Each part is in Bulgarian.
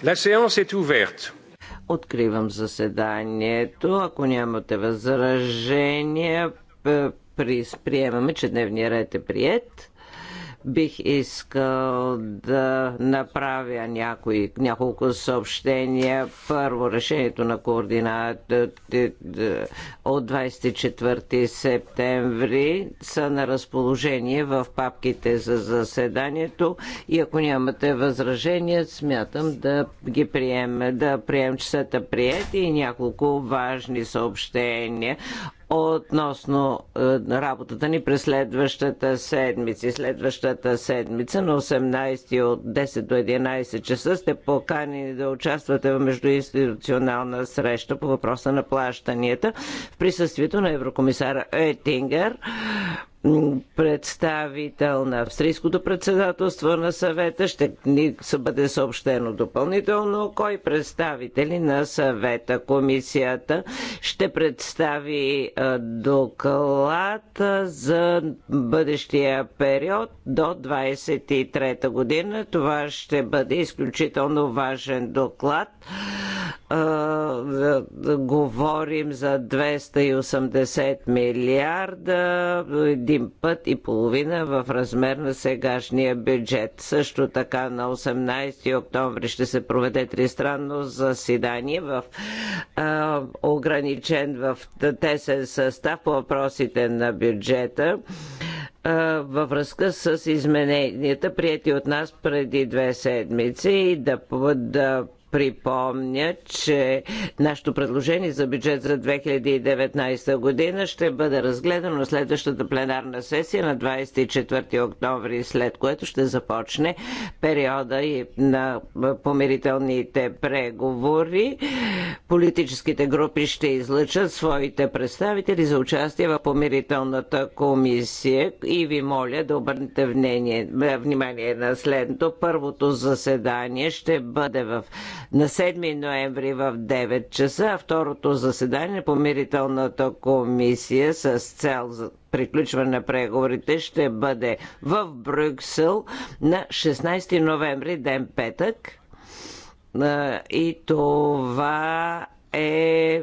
La séance est ouverte. Откривам заседанието. Ако нямате възражения, приемаме, че дневния ред е прият. Бих искал да направя някои, няколко съобщения. Първо, решението на координата от 24 септември са на разположение в папките за заседанието и ако нямате възражения, смятам да ги приеме, да прием, че са прияти и няколко важни съобщения относно е, работата ни през следващата седмица. Следващата седмица на 18 от 10 до 11 часа сте поканени да участвате в междуинституционална среща по въпроса на плащанията в присъствието на еврокомисара Етингер представител на австрийското председателство на съвета. Ще ни бъде съобщено допълнително кой представители на съвета. Комисията ще представи доклад за бъдещия период до 23 година. Това ще бъде изключително важен доклад. Говорим за 280 милиарда, един път и половина в размер на сегашния бюджет. Също така на 18 октомври ще се проведе тристранно заседание в а, ограничен в тесен състав по въпросите на бюджета във връзка с измененията, прияти от нас преди две седмици и да, да припомня, че нашето предложение за бюджет за 2019 година ще бъде разгледано на следващата пленарна сесия на 24 октомври, след което ще започне периода и на помирителните преговори. Политическите групи ще излъчат своите представители за участие в помирителната комисия и ви моля да обърнете внимание, внимание на следното. Първото заседание ще бъде в на 7 ноември в 9 часа, а второто заседание помирителната комисия с цел за приключване на преговорите ще бъде в Брюксел на 16 ноември, ден петък. И това е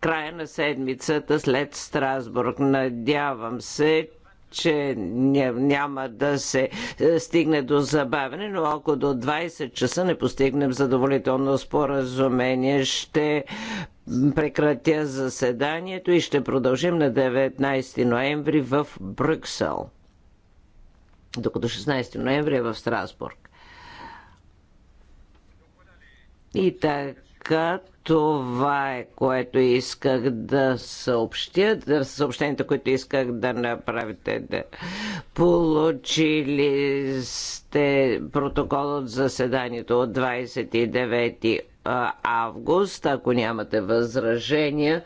края на седмицата след Страсбург. Надявам се, че няма да се е, стигне до забавяне, но ако до 20 часа не постигнем задоволително споразумение, ще прекратя заседанието и ще продължим на 19 ноември в Брюксел. Докато 16 ноември е в Страсбург. И така така това е, което исках да съобщя, да съобщенията, които исках да направите. Да. Получили сте протокол от заседанието от 29 август, ако нямате възражения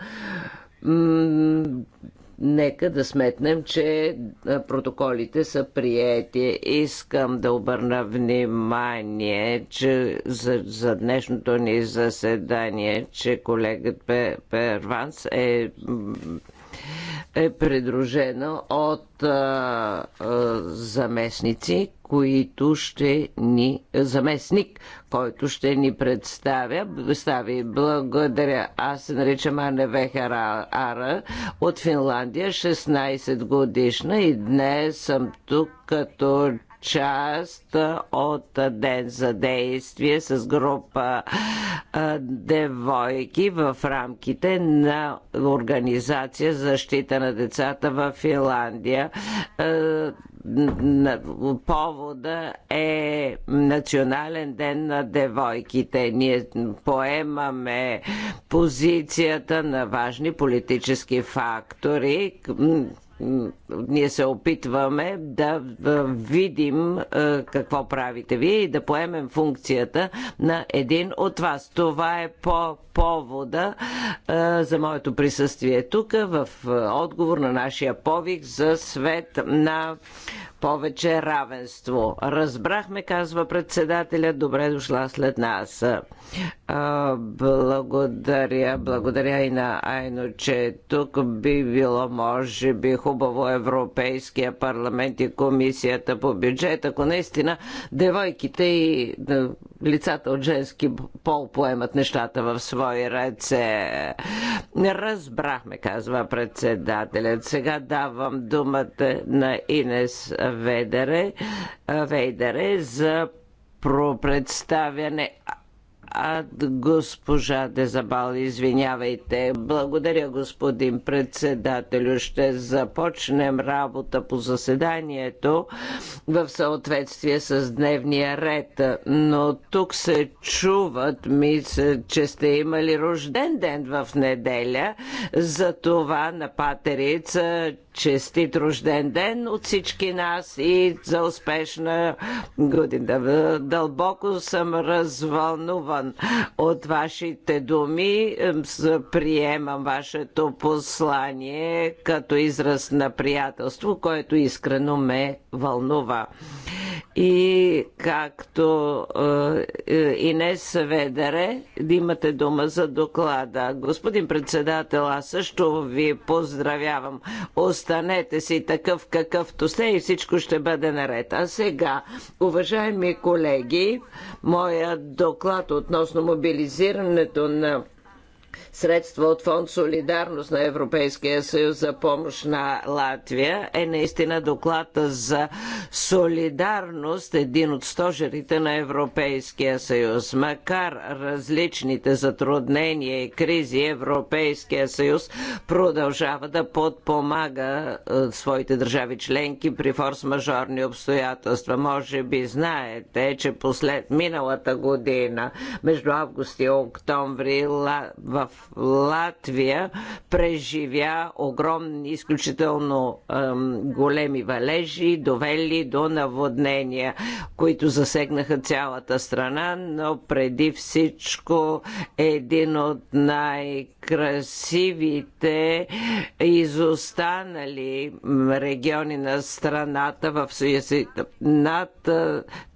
Нека да сметнем, че протоколите са приети. Искам да обърна внимание, че за, за днешното ни заседание, че колегът Перванс е е придружена от а, а, заместници, които ще ни... заместник, който ще ни представя. Стави благодаря. Аз се наричам Арне Вехера Ара от Финландия, 16 годишна и днес съм тук като част от ден за действие с група девойки в рамките на Организация за защита на децата в Финландия. Повода е Национален ден на девойките. Ние поемаме позицията на важни политически фактори, ние се опитваме да видим е, какво правите вие и да поемем функцията на един от вас. Това е по повода е, за моето присъствие тук в е, отговор на нашия повик за свет на повече равенство. Разбрахме, казва председателя, добре дошла след нас. Благодаря, благодаря и на Айно, че тук би било, може би, хубаво Европейския парламент и комисията по бюджет, ако наистина девойките и е, лицата от женски пол поемат нещата в свои ръце. Разбрахме, казва председателят. Сега давам думата на Инес Ведере, Вейдере за представяне а госпожа Дезабал, извинявайте. Благодаря, господин председателю. Ще започнем работа по заседанието в съответствие с дневния ред. Но тук се чуват, мисля, че сте имали рожден ден в неделя. За това на патерица Честит рожден ден от всички нас и за успешна година. Дълбоко съм развълнуван от вашите думи. Приемам вашето послание като израз на приятелство, което искрено ме вълнува. И както е, е Инес Ведере, имате дума за доклада. Господин председател, аз също ви поздравявам. Ост Станете си такъв какъвто сте и всичко ще бъде наред. А сега, уважаеми колеги, моя доклад относно мобилизирането на средства от фонд Солидарност на Европейския съюз за помощ на Латвия е наистина доклада за солидарност, един от стожерите на Европейския съюз. Макар различните затруднения и кризи, Европейския съюз продължава да подпомага е, своите държави членки при форс-мажорни обстоятелства. Може би знаете, че послед миналата година, между август и октомври, в Латвия преживя огромни, изключително ем, големи валежи, довели до наводнения, които засегнаха цялата страна, но преди всичко един от най-красивите изостанали региони на страната в Съюзите. Над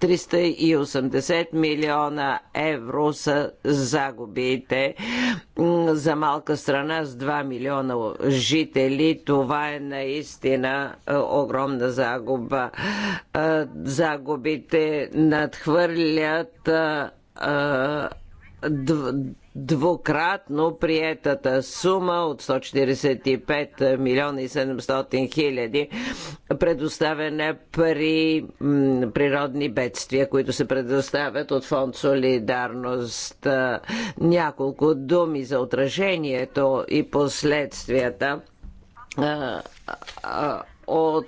380 милиона евро са загубите за малка страна с 2 милиона жители. Това е наистина е, огромна загуба. Е, загубите надхвърлят е, двукратно приетата сума от 145 милиона и 700 хиляди предоставена при природни бедствия, които се предоставят от фонд Солидарност. Няколко думи за отражението и последствията от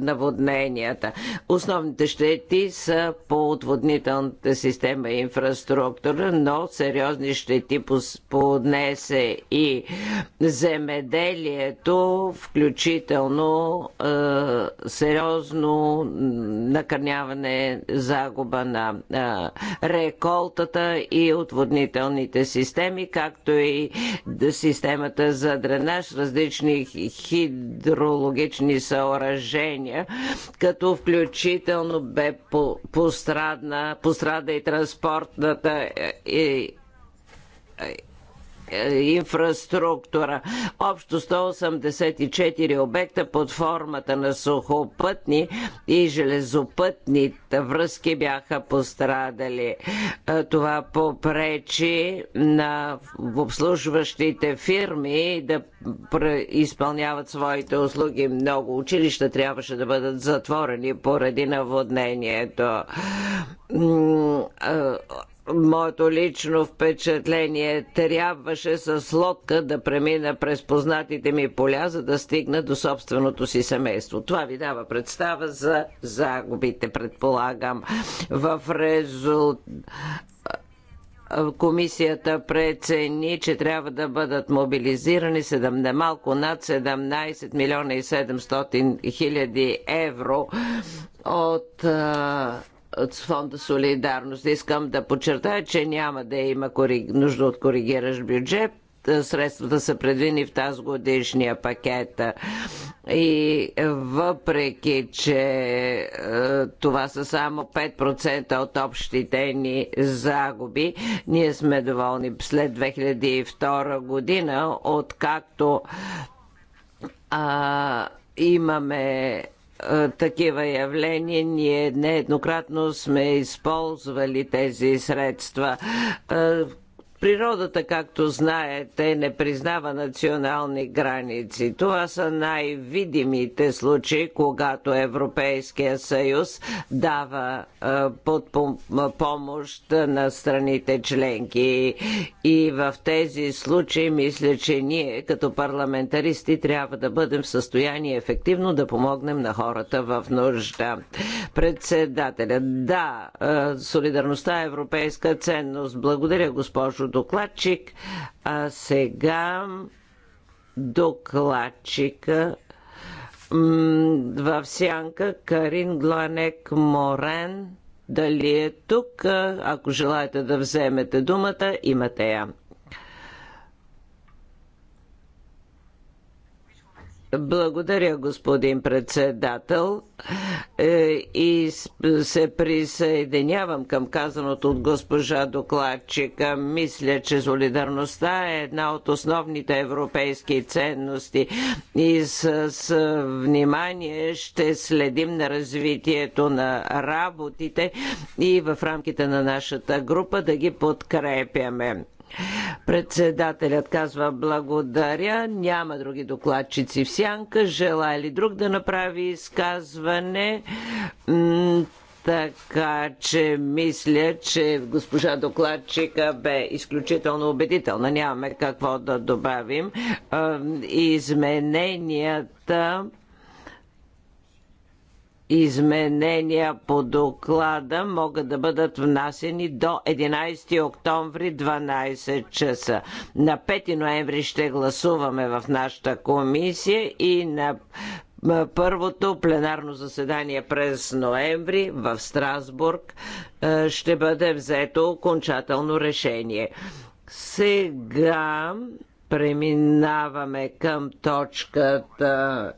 наводненията. Основните щети са по отводнителната система и инфраструктура, но сериозни щети поднесе и земеделието, включително е, сериозно накърняване, загуба на е, реколтата и отводнителните системи, както и системата за дренаж, различни хидрологични съоръжения решения, като включително бе по пострадна, пострада и транспортната и, е, и е, инфраструктура. Общо 184 обекта под формата на сухопътни и железопътни връзки бяха пострадали. Е, това попречи на обслужващите фирми да изпълняват своите услуги. Много училища трябваше да бъдат затворени поради наводнението е, моето лично впечатление. Трябваше с лодка да премина през познатите ми поля, за да стигна до собственото си семейство. Това ви дава представа за загубите, предполагам. В резултат комисията прецени, че трябва да бъдат мобилизирани 7, малко над 17 милиона и 700 хиляди евро от от фонда Солидарност. Искам да подчертая, че няма да има нужда от коригиращ бюджет. Средствата са предвидени в тази годишния пакет. И въпреки, че е, това са само 5% от общите ни загуби, ние сме доволни след 2002 година, откакто а, имаме такива явления. Ние нееднократно сме използвали тези средства. Природата, както знаете, не признава национални граници. Това са най-видимите случаи, когато Европейския съюз дава е, под помощ на страните членки. И в тези случаи мисля, че ние като парламентаристи трябва да бъдем в състояние ефективно да помогнем на хората в нужда. Председателя, да, е, солидарността е европейска ценност. Благодаря, госпожо докладчик, а сега докладчика в сянка Карин Гланек Морен. Дали е тук? Ако желаете да вземете думата, имате я. Благодаря, господин председател. Е, и се присъединявам към казаното от госпожа докладчика. Мисля, че солидарността е една от основните европейски ценности и с, с внимание ще следим на развитието на работите и в рамките на нашата група да ги подкрепяме. Председателят казва благодаря. Няма други докладчици в сянка. Желая ли друг да направи изказване? Така че мисля, че госпожа докладчика бе изключително убедителна. Нямаме какво да добавим. Измененията Изменения по доклада могат да бъдат внасени до 11 октомври 12 часа. На 5 ноември ще гласуваме в нашата комисия и на първото пленарно заседание през ноември в Страсбург е, ще бъде взето окончателно решение. Сега преминаваме към точката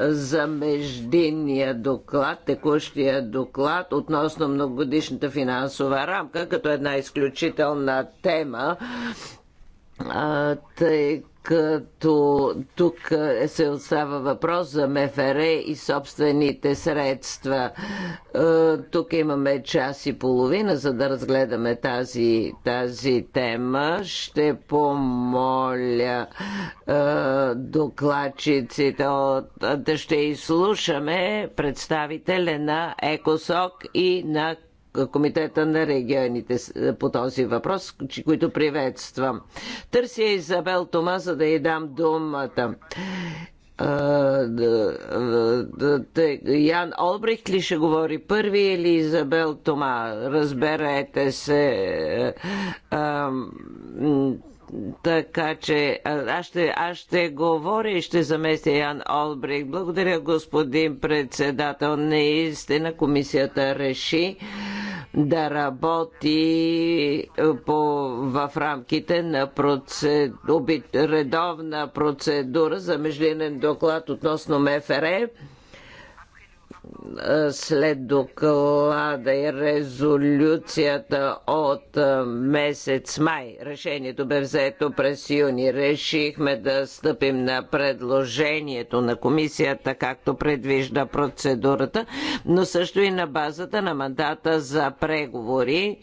за междинния доклад, текущия доклад относно многогодишната финансова рамка, като една изключителна тема, тъй като тук се остава въпрос за МФР и собствените средства. Е, тук имаме час и половина, за да разгледаме тази, тази тема. Ще помоля е, докладчиците от, да ще изслушаме представителя на ЕКОСОК и на Комитета на регионите по този въпрос, които приветствам. Търся Изабел Тома, за да й дам думата. Ян Олбрих ли ще говори първи или Изабел Тома? Разберете се. Така че аз ще, аз ще говоря и ще заместя Ян Олбрих. Благодаря, господин председател. Наистина комисията реши да работи по, в рамките на процед, редовна процедура за междинен доклад относно МФР след доклада и резолюцията от месец май. Решението бе взето през юни. Решихме да стъпим на предложението на комисията, както предвижда процедурата, но също и на базата на мандата за преговори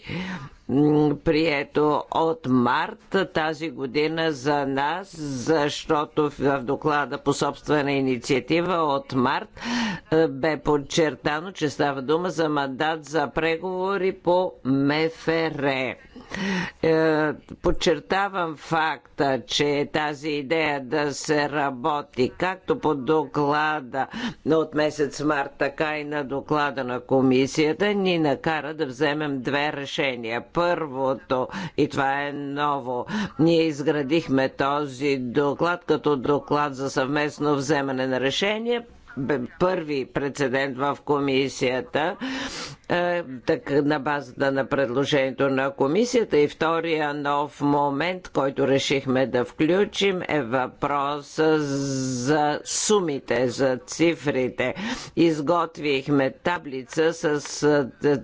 прието от март тази година за нас, защото в доклада по собствена инициатива от март е, бе подчертано, че става дума за мандат за преговори по МФР. Е, подчертавам факта, че тази идея да се работи както по доклада от месец март, така и на доклада на комисията, ни накара да вземем две решения. Първото, и това е ново, ние изградихме този доклад като доклад за съвместно вземане на решение първи прецедент в комисията е, на базата на предложението на комисията. И втория нов момент, който решихме да включим е въпрос за сумите, за цифрите. Изготвихме таблица с е,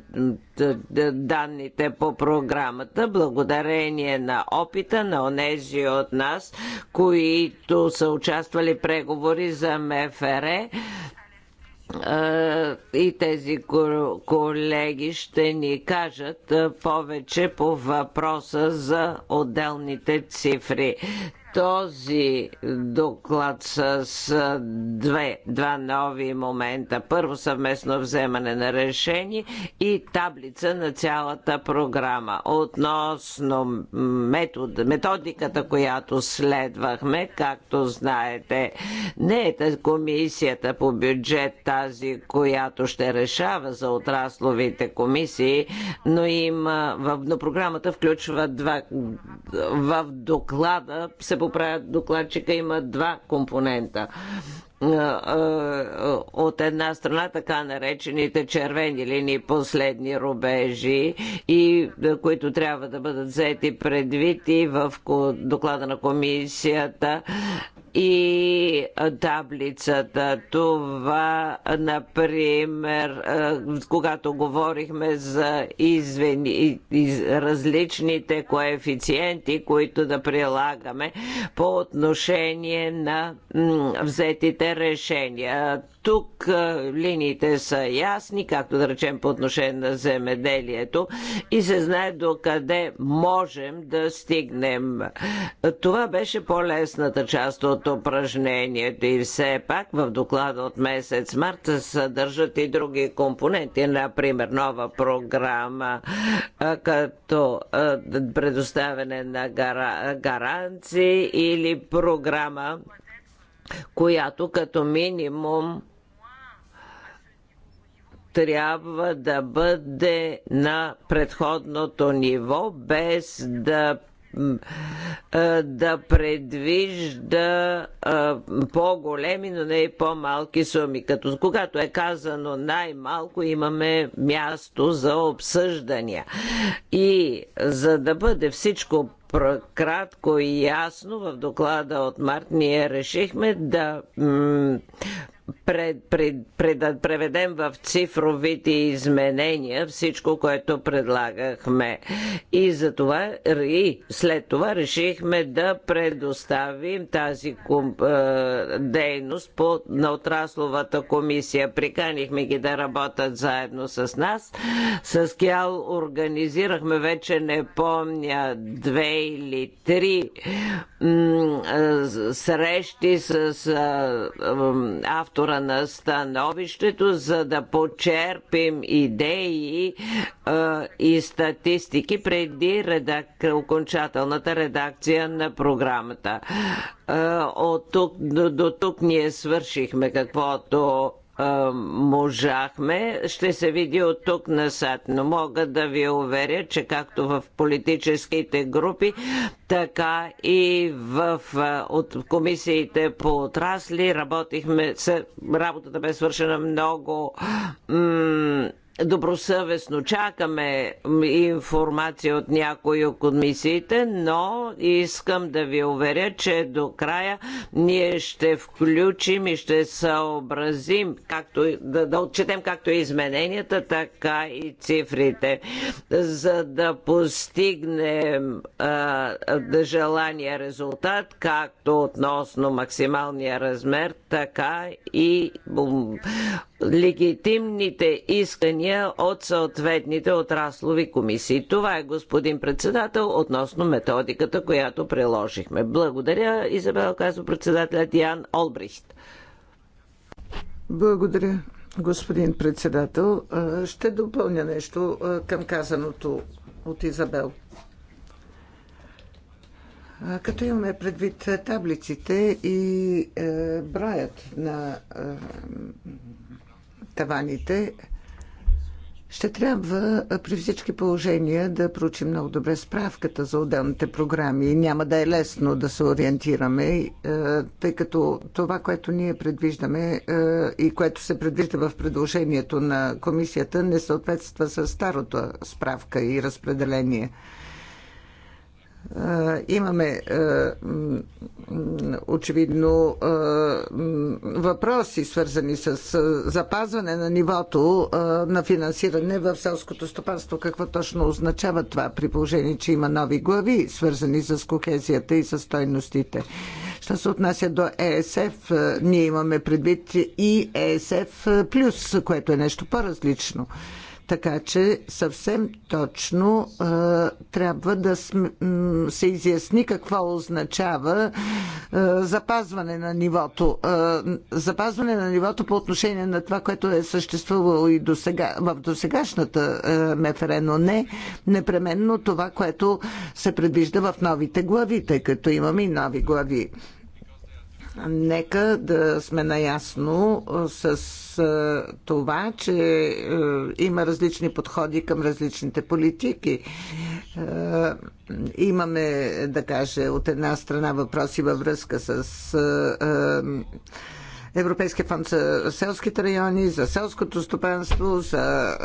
данните по програмата, благодарение на опита на онези от нас, които са участвали преговори за МФР и тези колеги ще ни кажат повече по въпроса за отделните цифри този доклад с две, два нови момента. Първо съвместно вземане на решение и таблица на цялата програма. Относно метод, методиката, която следвахме, както знаете, не е комисията по бюджет тази, която ще решава за отрасловите комисии, но има в, но програмата включва два в доклада се Поправят докладчика, има два компонента от една страна така наречените червени линии, последни рубежи, и които трябва да бъдат взети предвид и в доклада на комисията и таблицата. Това, например, когато говорихме за извини, из, различните коефициенти, които да прилагаме по отношение на взетите решения. Тук линиите са ясни, както да речем по отношение на земеделието и се знае до къде можем да стигнем. Това беше по-лесната част от от упражнението и все пак в доклада от месец март се съдържат и други компоненти, например нова програма като предоставяне на гара... гаранции или програма, която като минимум трябва да бъде на предходното ниво, без да да предвижда по-големи, но не и по-малки суми. Като когато е казано най-малко, имаме място за обсъждания. И за да бъде всичко кратко и ясно в доклада от март ние решихме да пред, пред, пред, преведем в цифровите изменения всичко, което предлагахме. И за това и след това решихме да предоставим тази ком, е, дейност по, на отрасловата комисия. Приканихме ги да работят заедно с нас. С Киал организирахме вече не помня две или три е, срещи с е, автор автора на становището, за да почерпим идеи а, и статистики преди редак... окончателната редакция на програмата. А, от тук, до, до тук ние свършихме каквото можахме, ще се види от тук насад. Но мога да ви уверя, че както в политическите групи, така и в от комисиите по отрасли работихме, работата бе свършена много добросъвестно чакаме информация от някои от комисиите, но искам да ви уверя, че до края ние ще включим и ще съобразим, както, да, да отчетем както и измененията, така и цифрите, за да постигнем а, да желания резултат, както относно максималния размер, така и легитимните искания от съответните отраслови комисии. Това е, господин председател, относно методиката, която приложихме. Благодаря, Изабел, казва председателят Ян Олбрихт. Благодаря, господин председател. Ще допълня нещо към казаното от Изабел. Като имаме предвид таблиците и е, броят на е, таваните, ще трябва при всички положения да проучим много добре справката за отделните програми. Няма да е лесно да се ориентираме, е, тъй като това, което ние предвиждаме е, и което се предвижда в предложението на комисията, не съответства с старото справка и разпределение. Е, имаме е, очевидно е, въпроси, свързани с запазване на нивото на финансиране в селското стопанство. Какво точно означава това при положение, че има нови глави, свързани с кохезията и с стойностите? Що се отнася до ЕСФ, ние имаме предвид и ЕСФ плюс, което е нещо по-различно. Така че съвсем точно трябва да се изясни какво означава запазване на нивото. запазване на нивото по отношение на това, което е съществувало и досега, в досегашната МФР, но не непременно това, което се предвижда в новите глави, тъй като имаме и нови глави. Нека да сме наясно с това, че има различни подходи към различните политики. Имаме, да каже, от една страна въпроси във връзка с Европейския фонд за селските райони, за селското стопанство, за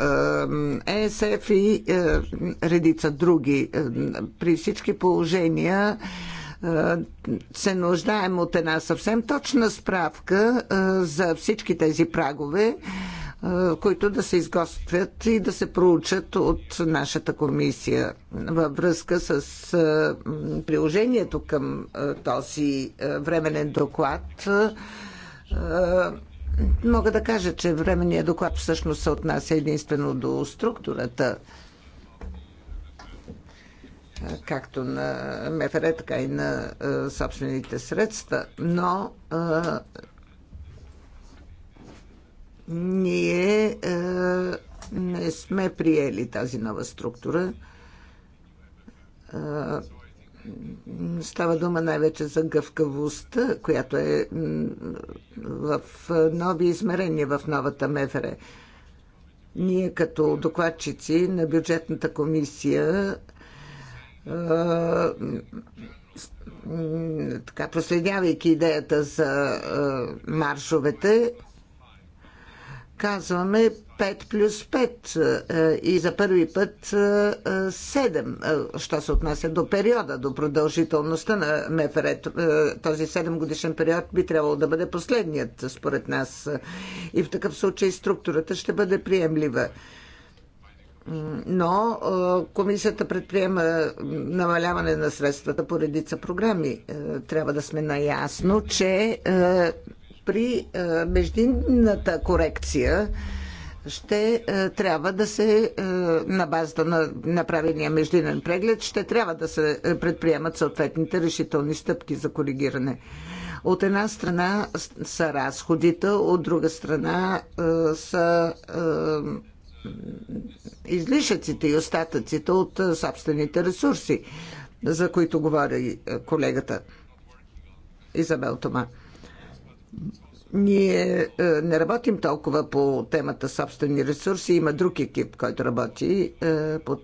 ЕСФ и редица други. При всички положения е, се нуждаем от една съвсем точна справка е, за всички тези прагове, е, които да се изготвят и да се проучат от нашата комисия във връзка с приложението към този временен доклад. Мога да кажа, че временният доклад всъщност се отнася единствено до структурата както на МФР, така и на собствените средства, но ние не сме приели тази нова структура. Става дума най-вече за гъвкавостта, която е в нови измерения в новата МФР. Ние като докладчици на бюджетната комисия е, така, проследявайки идеята за е, маршовете, казваме 5 плюс 5 е, и за първи път 7, що се отнася до периода, до продължителността на МФР. Този 7 годишен период би трябвало да бъде последният, според нас. И в такъв случай структурата ще бъде приемлива но комисията предприема намаляване на средствата по редица програми. Е, трябва да сме наясно, че е, при е, междинната корекция ще трябва да се на базата на направения междинен преглед ще трябва да се предприемат съответните решителни стъпки за коригиране. От една страна са разходите, от друга страна са излишъците и остатъците от собствените ресурси, за които говори колегата Изабел Тома. Ние не работим толкова по темата собствени ресурси. Има друг екип, който работи по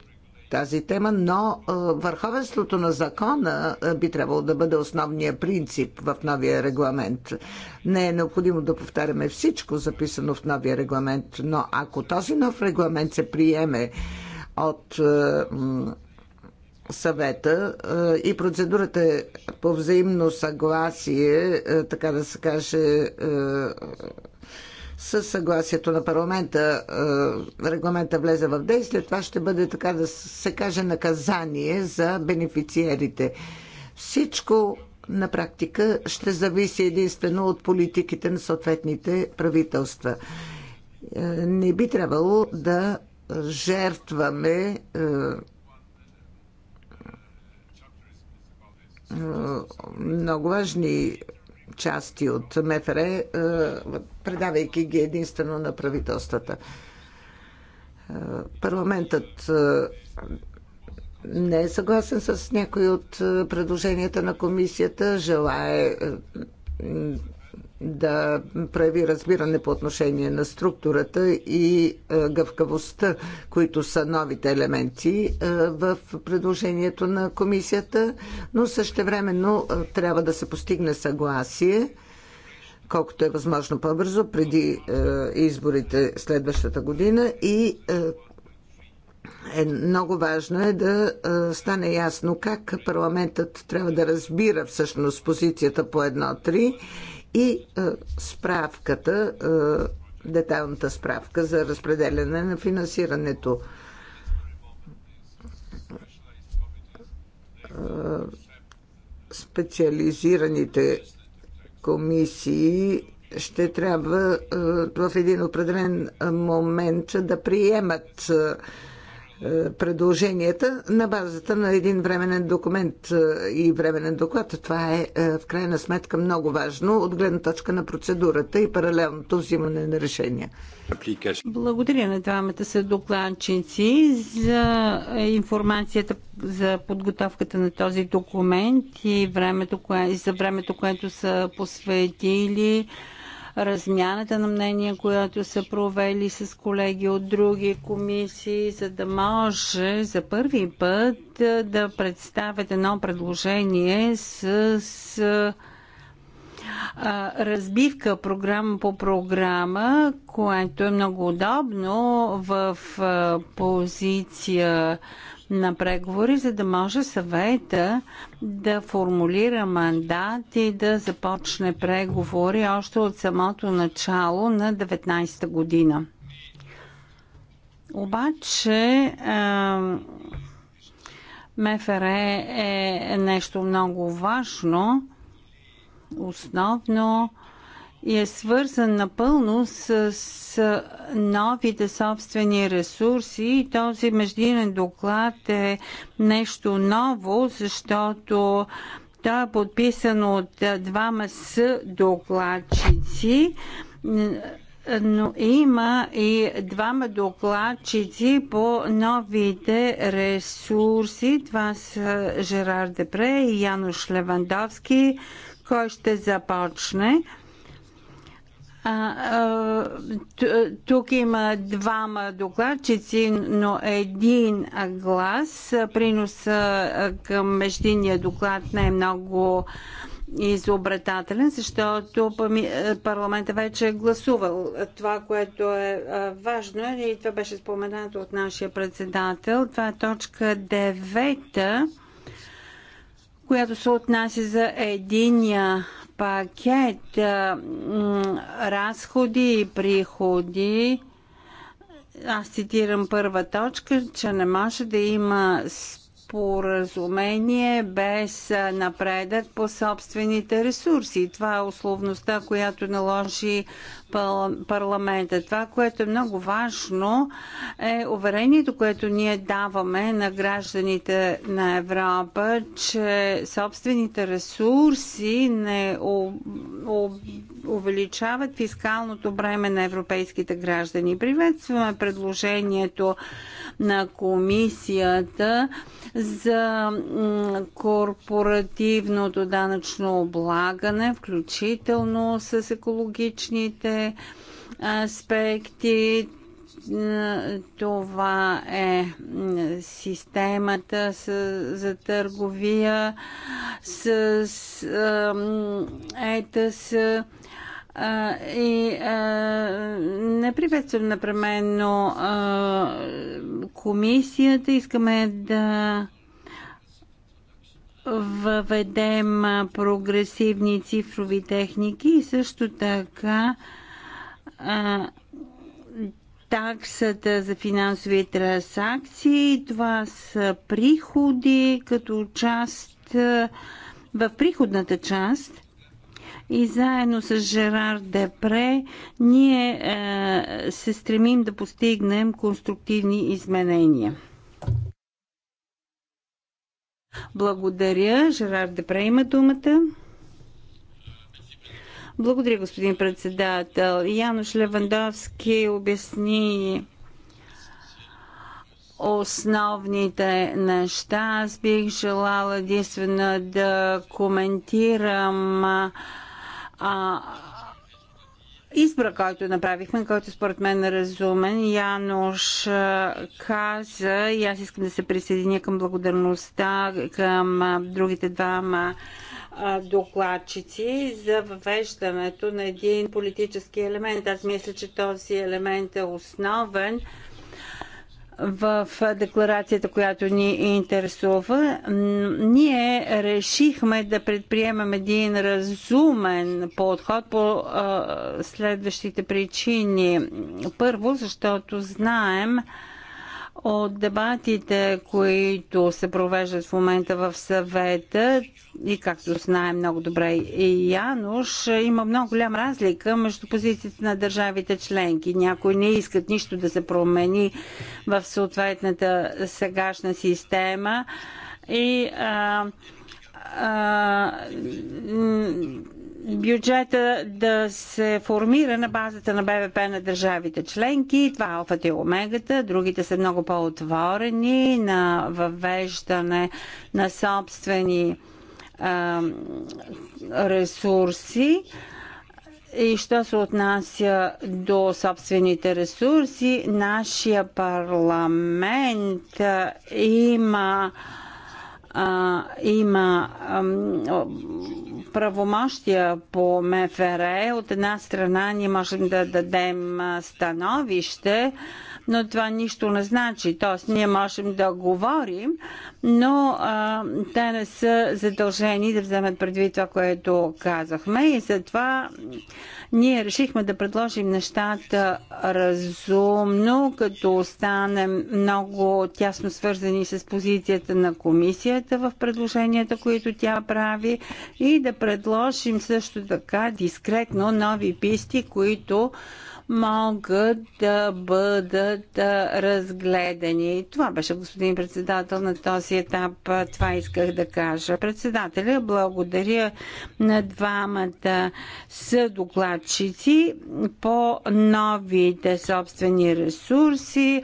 тази тема, но върховенството на закона би трябвало да бъде основния принцип в новия регламент. Не е необходимо да повтаряме всичко записано в новия регламент, но ако този нов регламент се приеме от съвета и процедурата е по взаимно съгласие, така да се каже, с съгласието на парламента е, регламента влезе в действие, това ще бъде така да се каже наказание за бенефициерите. Всичко на практика ще зависи единствено от политиките на съответните правителства. Е, не би трябвало да жертваме е, много важни части от МФР, е, предавайки ги единствено на правителствата. Е, парламентът е, не е съгласен с някои от предложенията на комисията, желае да прояви разбиране по отношение на структурата и е, гъвкавостта, които са новите елементи е, в предложението на комисията, но същевременно е, трябва да се постигне съгласие колкото е възможно по-бързо преди изборите следващата година и е, много важно е да е, стане ясно как парламентът трябва да разбира всъщност позицията по едно-три и е, справката, е, детайлната справка за разпределяне на финансирането. Е, специализираните комисии ще трябва в един определен момент да приемат е, предложенията на базата на един временен документ е, и временен доклад. Това е, е в крайна сметка много важно от гледна точка на процедурата и паралелното взимане на решения. Благодаря на двамата са докладчици за информацията за подготовката на този документ и времето, за времето, което са посветили размяната на мнения, която са провели с колеги от други комисии, за да може за първи път да представят едно предложение с, разбивка програма по програма, което е много удобно в позиция на преговори, за да може съвета да формулира мандат и да започне преговори още от самото начало на 19-та година. Обаче МФР е нещо много важно, основно и е свързан напълно с, с новите собствени ресурси. И този междинен доклад е нещо ново, защото той е подписан от двама с докладчици но има и двама докладчици по новите ресурси. Това са Жерар Депре и Януш Левандовски. Кой ще започне? Тук има двама докладчици, но един глас. Принос към междинния доклад не е много изобретателен, защото парламента вече е гласувал. Това, което е важно, е, и това беше споменато от нашия председател, това е точка 9 която се отнася за единия пакет а, разходи и приходи. Аз цитирам първа точка, че не може да има споразумение без напредък по собствените ресурси. Това е условността, която наложи парламента. Това, което е много важно, е уверението, което ние даваме на гражданите на Европа, че собствените ресурси не увеличават фискалното бреме на европейските граждани. Приветстваме предложението на комисията за корпоративното данъчно облагане, включително с екологичните аспекти. Това е системата за търговия с ЕТАС. И не приветствам напременно комисията. Искаме да въведем прогресивни цифрови техники и също така таксата за финансови транзакции. Това са приходи като част в приходната част. И заедно с Жерар Депре ние е, се стремим да постигнем конструктивни изменения. Благодаря. Жерар Депре има думата. Благодаря, господин председател. Януш Левандовски обясни основните неща. Аз бих желала единствено да коментирам а, избора, който направихме, който според мен е разумен. Януш каза и аз искам да се присъединя към благодарността към другите двама докладчици за въвеждането на един политически елемент. Аз мисля, че този елемент е основен в декларацията, която ни интересува, ние решихме да предприемем един разумен подход по следващите причини. Първо, защото знаем, от дебатите, които се провеждат в момента в съвета, и както знае много добре и Януш, има много голяма разлика между позициите на държавите членки. Някои не искат нищо да се промени в съответната сегашна система и а, а, бюджета да се формира на базата на БВП на държавите членки. Това е алфата и омегата. Другите са много по-отворени на въвеждане на собствени а, ресурси. И що се отнася до собствените ресурси, нашия парламент има а, а, има а, правомощия по МФР. От една страна ние можем да дадем становище, но това нищо не значи. Тоест, ние можем да говорим, но а, те не са задължени да вземат предвид това, което казахме и затова ние решихме да предложим нещата разумно, като останем много тясно свързани с позицията на комисията в предложенията, които тя прави и да предложим също така дискретно нови писти, които могат да бъдат разгледани. Това беше, господин председател, на този етап. Това исках да кажа. Председателя, благодаря на двамата съдокладчици по новите собствени ресурси.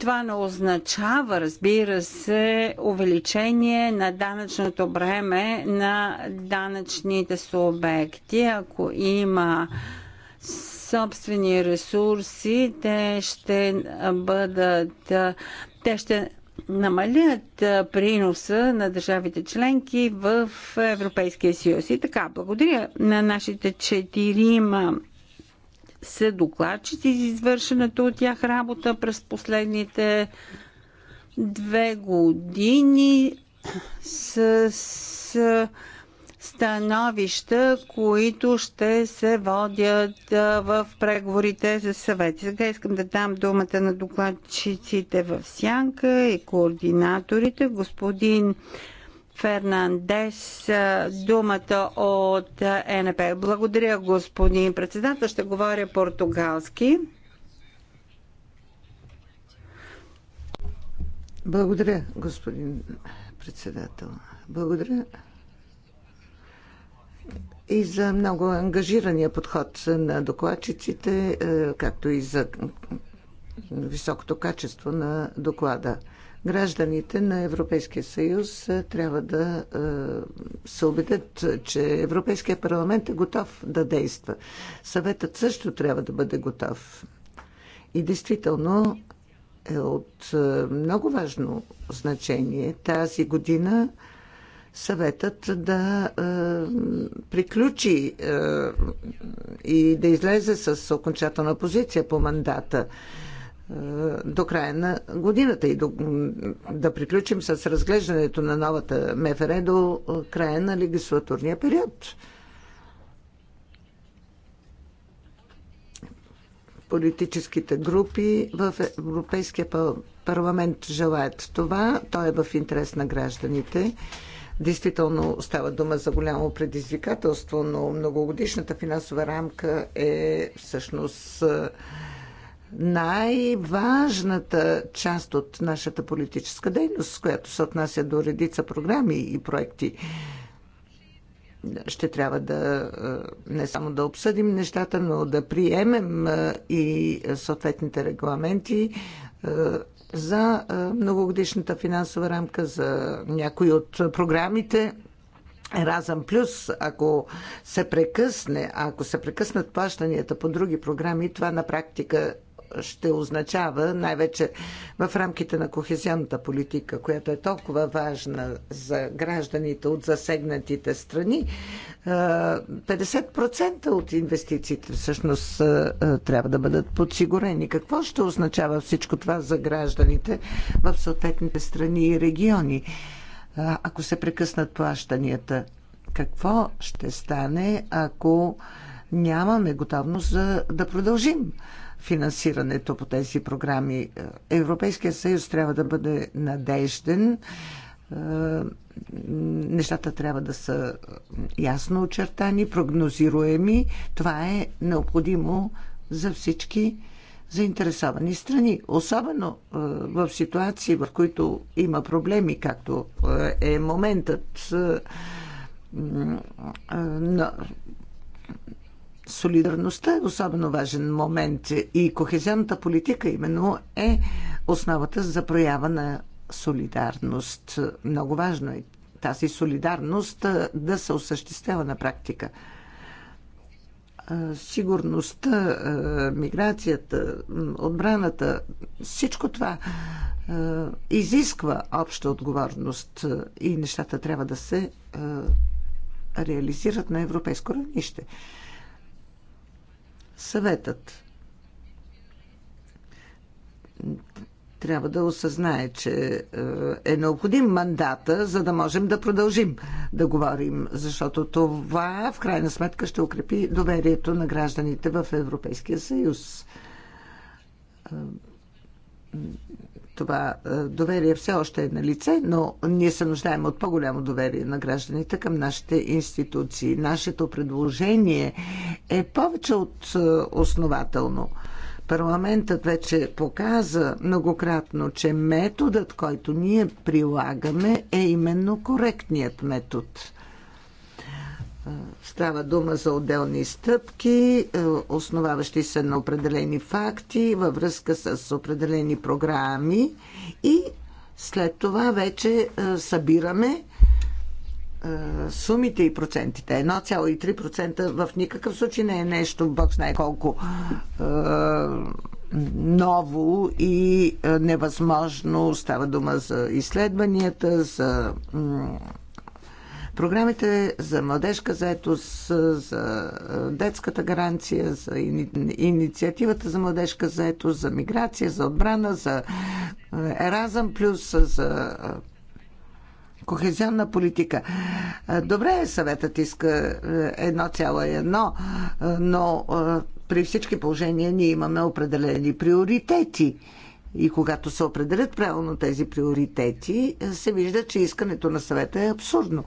Това не означава, разбира се, увеличение на данъчното бреме на данъчните субекти. Ако има собствени ресурси, те ще бъдат, те ще намалят приноса на държавите членки в Европейския съюз. И така, благодаря на нашите четирима се докладчи за извършената от тях работа през последните две години с, с становища, които ще се водят в преговорите за съвет. Сега искам да дам думата на докладчиците в Сянка и координаторите. Господин Фернандес, думата от НП. Благодаря, господин председател. Ще говоря португалски. Благодаря, господин председател. Благодаря и за много ангажирания подход на докладчиците, е, както и за високото качество на доклада. Гражданите на Европейския съюз е, трябва да е, се убедят, че Европейския парламент е готов да действа. Съветът също трябва да бъде готов. И действително е от много важно значение тази година съветът да е, приключи е, и да излезе с окончателна позиция по мандата е, до края на годината и до, да приключим с разглеждането на новата МФР до края на легислатурния период. Политическите групи в Европейския парламент желаят това. Той е в интерес на гражданите. Действително става дума за голямо предизвикателство, но многогодишната финансова рамка е всъщност е, най-важната част от нашата политическа дейност, която се отнася до редица програми и проекти ще трябва да е, не само да обсъдим нещата, но да приемем е, и съответните регламенти за многогодишната финансова рамка, за някои от програмите. Еразъм Плюс, ако се прекъсне, ако се прекъснат плащанията по други програми, това на практика ще означава най-вече в рамките на кохезионната политика, която е толкова важна за гражданите от засегнатите страни. 50% от инвестициите всъщност трябва да бъдат подсигурени. Какво ще означава всичко това за гражданите в съответните страни и региони? Ако се прекъснат плащанията, какво ще стане, ако нямаме готовност за да продължим финансирането по тези програми. Европейския съюз трябва да бъде надежден. Е, нещата трябва да са ясно очертани, прогнозируеми. Това е необходимо за всички заинтересовани страни. Особено е, в ситуации, в които има проблеми, както е моментът е, Солидарността е особено важен момент и кохезионната политика именно е основата за проява на солидарност. Много важно е тази солидарност да се осъществява на практика. Сигурността, миграцията, отбраната, всичко това изисква обща отговорност и нещата трябва да се реализират на европейско равнище. Съветът трябва да осъзнае, че е, е необходим мандата, за да можем да продължим да говорим, защото това в крайна сметка ще укрепи доверието на гражданите в Европейския съюз това е, доверие все още е на лице, но ние се нуждаем от по-голямо доверие на гражданите към нашите институции. Нашето предложение е повече от е, основателно. Парламентът вече показа многократно, че методът, който ние прилагаме, е именно коректният метод. Става дума за отделни стъпки, е, основаващи се на определени факти във връзка с определени програми и след това вече е, събираме е, сумите и процентите. 1,3% в никакъв случай не е нещо, Бог знае колко ново и невъзможно. Става дума за изследванията, за Програмите за младежка заетост, за е, детската гаранция, за инициативата за младежка заетост, за миграция, за отбрана, за е, Еразъм плюс, за е, кохезионна политика. Добре, съветът иска 1,1, но при всички положения ние имаме определени приоритети. И когато се определят правилно тези приоритети, се вижда, че искането на съвета е абсурдно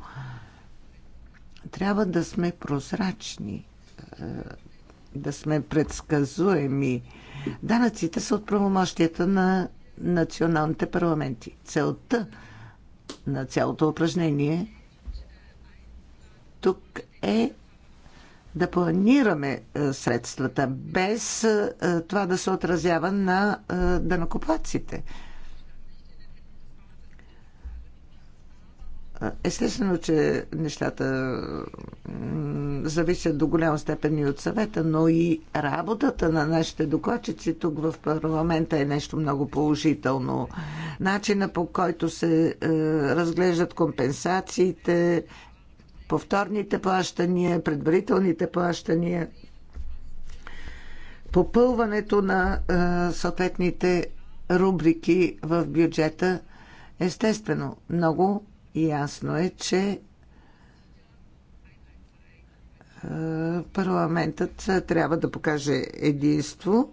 трябва да сме прозрачни, е, да сме предсказуеми. Данъците са от правомощията на националните парламенти. Целта на цялото упражнение тук е да планираме е, средствата, без е, това да се отразява на данакоплаците, Естествено, че нещата зависят до голяма степен и от съвета, но и работата на нашите докладчици тук в парламента е нещо много положително. Начина по който се е, разглеждат компенсациите, повторните плащания, предварителните плащания, попълването на е, съответните рубрики в бюджета, естествено, много Ясно е, че парламентът трябва да покаже единство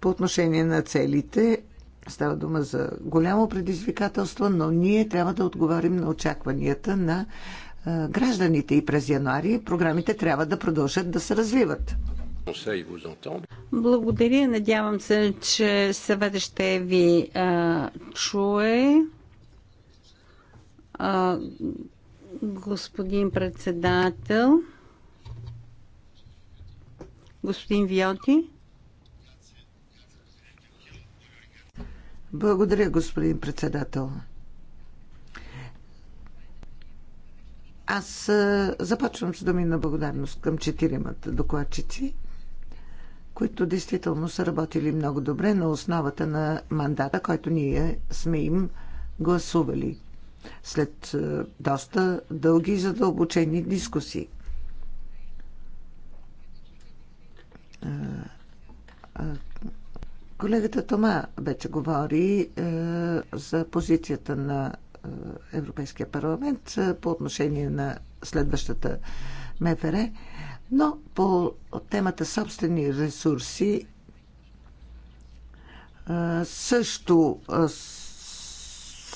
по отношение на целите. Става дума за голямо предизвикателство, но ние трябва да отговорим на очакванията на гражданите и през януари програмите трябва да продължат да се развиват. Благодаря. Надявам се, че съвета ще ви а, чуе господин председател, господин Виоти. Благодаря, господин председател. Аз започвам с думи на благодарност към четиримата докладчици, които действително са работили много добре на основата на мандата, който ние сме им гласували след е, доста дълги и задълбочени дискусии. Е, е, колегата Тома вече говори за позицията на Европейския парламент по отношение на следващата МФР, но по темата собствени ресурси също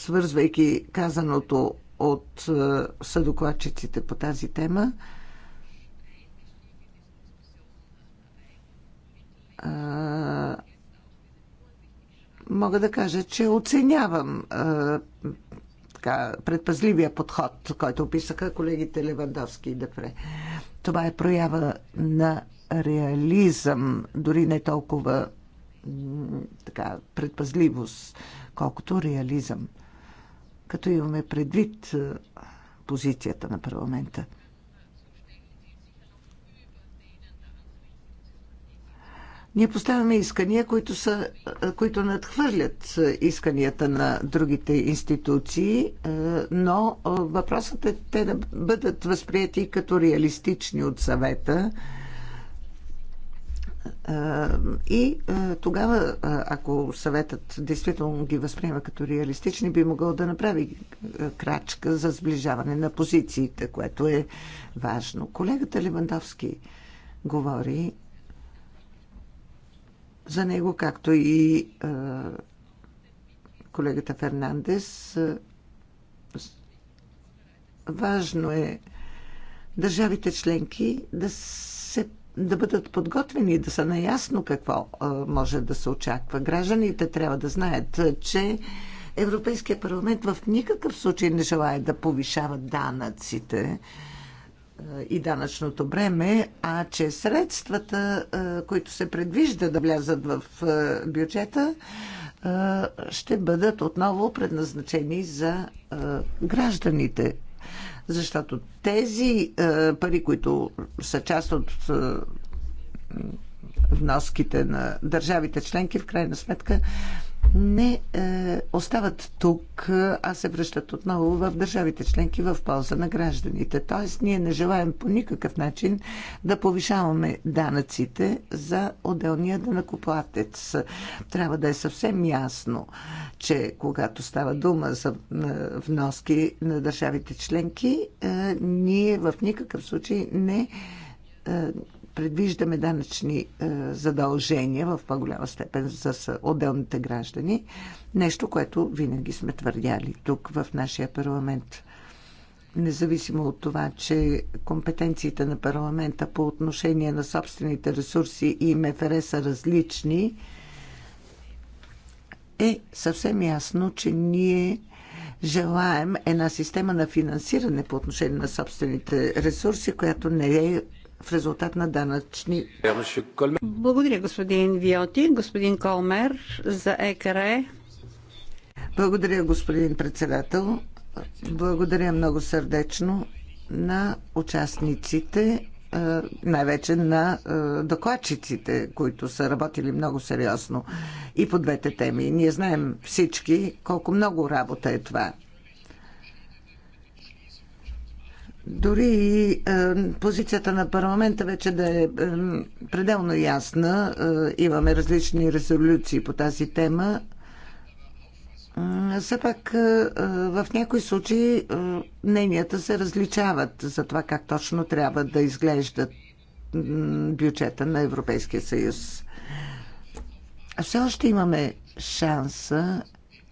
свързвайки казаното от е, съдокладчиците по тази тема, е, мога да кажа, че оценявам е, така, предпазливия подход, който описаха колегите Левандовски и Дефре. Това е проява на реализъм, дори не толкова така, предпазливост, колкото реализъм като имаме предвид позицията на парламента. Ние поставяме искания, които, са, които надхвърлят исканията на другите институции, но въпросът е те да бъдат възприяти като реалистични от съвета и тогава, ако съветът действително ги възприема като реалистични, би могъл да направи крачка за сближаване на позициите, което е важно. Колегата Левандовски говори за него, както и колегата Фернандес. Важно е държавите членки да се да бъдат подготвени, и да са наясно какво може да се очаква. Гражданите трябва да знаят, че Европейския парламент в никакъв случай не желая да повишава данъците и данъчното бреме, а че средствата, които се предвижда да влязат в бюджета, ще бъдат отново предназначени за гражданите. Защото тези е, пари, които са част от е, вноските на държавите членки, в крайна сметка не е, остават тук, е, а се връщат отново в държавите членки в полза на гражданите. Тоест, ние не желаем по никакъв начин да повишаваме данъците за отделния данъкоплатец. Трябва да е съвсем ясно, че когато става дума за е, вноски на държавите членки, е, ние в никакъв случай не е, предвиждаме данъчни е, задължения в по-голяма степен за отделните граждани. Нещо, което винаги сме твърдяли тук в нашия парламент. Независимо от това, че компетенциите на парламента по отношение на собствените ресурси и МФР са различни, е съвсем ясно, че ние желаем една система на финансиране по отношение на собствените ресурси, която не е в резултат на данъчни. Благодаря, господин Виоти. Господин Колмер за ЕКРЕ. Благодаря, господин председател. Благодаря много сърдечно на участниците, най-вече на докладчиците, които са работили много сериозно и по двете теми. Ние знаем всички колко много работа е това. Дори и е, позицията на парламента вече да е, е пределно ясна, е, имаме различни резолюции по тази тема. Все пак в някои случаи мненията се различават за това как точно трябва да изглежда бюджета на Европейския съюз. Все още имаме шанса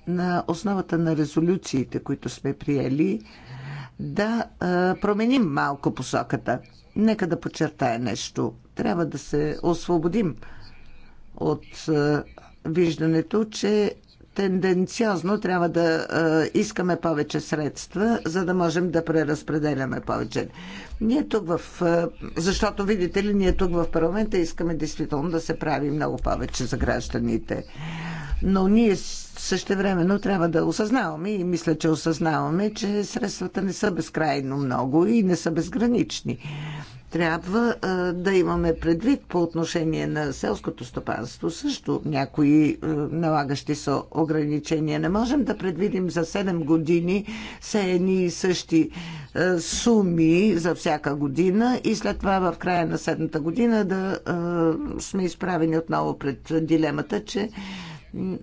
на основата на резолюциите, които сме приели, да променим малко посоката. Нека да подчертая нещо. Трябва да се освободим от виждането, че тенденциозно трябва да а, искаме повече средства, за да можем да преразпределяме повече. Ние тук в... А, защото, видите ли, ние тук в парламента искаме действително да се прави много повече за гражданите но ние същевременно трябва да осъзнаваме и мисля, че осъзнаваме, че средствата не са безкрайно много и не са безгранични. Трябва а, да имаме предвид по отношение на селското стопанство също някои а, налагащи са ограничения. Не можем да предвидим за 7 години се едни и същи а, суми за всяка година и след това в края на седмата година да а, сме изправени отново пред дилемата, че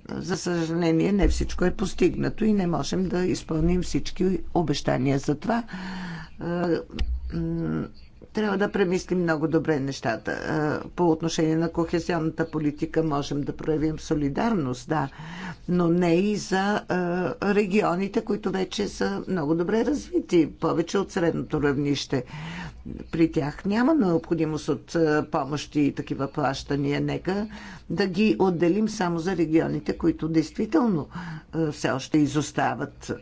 за съжаление, не всичко е постигнато и не можем да изпълним всички обещания. Затова е, трябва да премислим много добре нещата. Е, по отношение на кохезионната политика можем да проявим солидарност, да, но не и за е, регионите, които вече са много добре развити, повече от средното равнище при тях няма необходимост от е, помощи и такива плащания. Нека да ги отделим само за регионите, които действително е, все още изостават.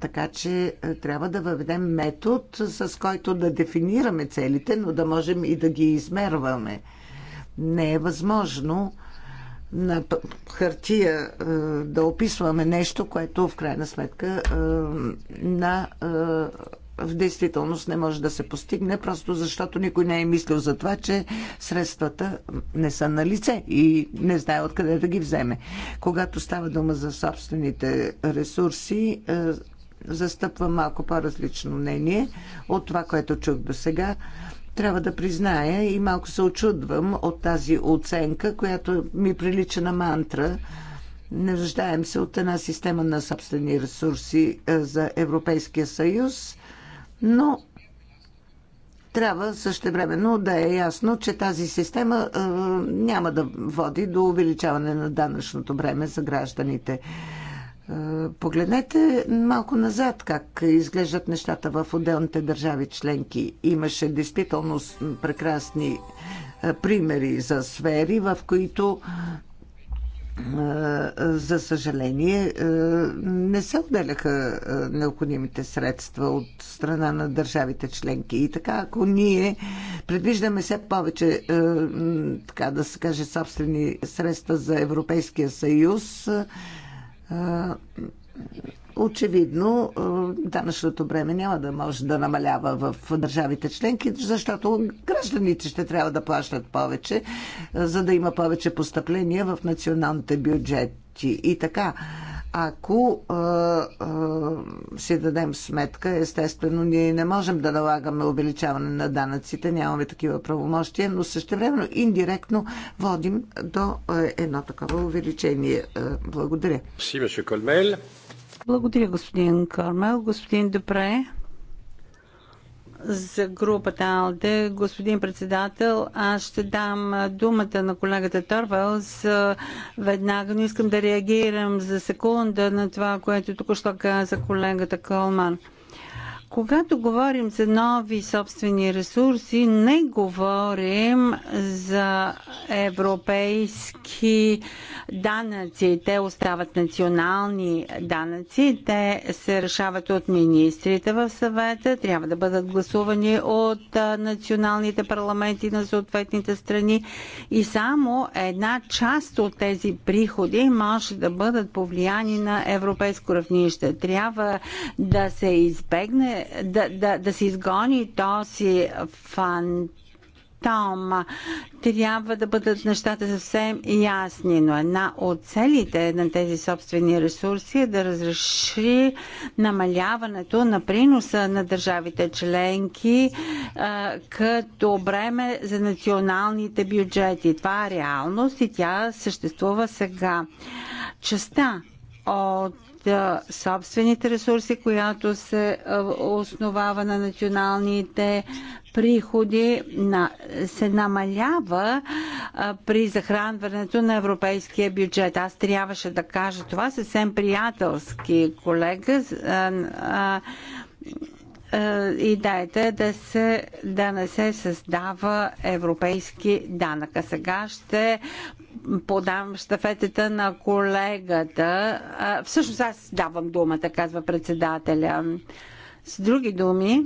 Така че е, трябва да въведем метод, с който да дефинираме целите, но да можем и да ги измерваме. Не е възможно на хартия да описваме нещо, което в крайна сметка на в действителност не може да се постигне, просто защото никой не е мислил за това, че средствата не са на лице и не знае откъде да ги вземе. Когато става дума за собствените ресурси, е, застъпва малко по-различно мнение от това, което чух до сега. Трябва да призная и малко се очудвам от тази оценка, която ми прилича на мантра. Не нуждаем се от една система на собствени ресурси е, за Европейския съюз – но трябва същевременно да е ясно, че тази система е, няма да води до увеличаване на данъчното бреме за гражданите. Е, погледнете малко назад как изглеждат нещата в отделните държави членки. Имаше действително прекрасни е, примери за сфери, в които за съжаление, не се отделяха необходимите средства от страна на държавите членки. И така, ако ние предвиждаме все повече, така да се каже, собствени средства за Европейския съюз, очевидно данъчното бреме няма да може да намалява в държавите членки, защото гражданите ще трябва да плащат повече, за да има повече постъпления в националните бюджети. И така, ако а, а, си дадем сметка, естествено, ние не можем да налагаме увеличаване на данъците, нямаме такива правомощия, но същевременно индиректно водим до а, едно такова увеличение. А, благодаря. Си, благодаря, господин Кармел. Господин Депре, за групата АЛДЕ, господин председател, аз ще дам думата на колегата Торвелс. Веднага но искам да реагирам за секунда на това, което току-що каза колегата Кълман. Когато говорим за нови собствени ресурси, не говорим за европейски данъци. Те остават национални данъци. Те се решават от министрите в съвета. Трябва да бъдат гласувани от националните парламенти на съответните страни. И само една част от тези приходи може да бъдат повлияни на европейско равнище. Трябва да се избегне да, да, се изгони този фант там трябва да бъдат нещата съвсем ясни, но една от целите на тези собствени ресурси е да разреши намаляването на приноса на държавите членки като бреме за националните бюджети. Това е реалност и тя съществува сега. Частта от собствените ресурси, която се основава на националните приходи на, се намалява а, при захранването на европейския бюджет. Аз трябваше да кажа това съвсем приятелски, колега. А, а, идеята е да, се, да не се създава европейски данък. А сега ще подавам щафетата на колегата. Всъщност аз давам думата, казва председателя. С други думи,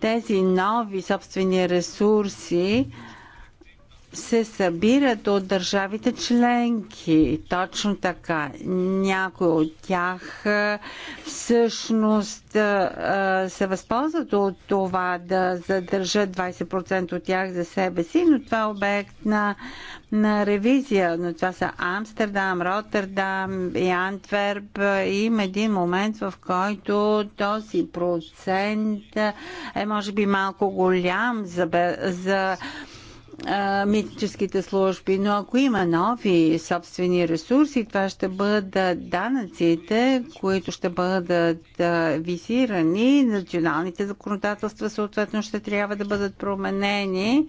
тези нови собствени ресурси се събират от държавите членки. Точно така. Някои от тях всъщност се възползват от това да задържат 20% от тях за себе си, но това е обект на, на ревизия. Но това са Амстердам, Роттердам и Антверп. има един момент, в който този процент е може би малко голям за, за митническите служби, но ако има нови собствени ресурси, това ще бъдат данъците, които ще бъдат визирани, националните законодателства съответно ще трябва да бъдат променени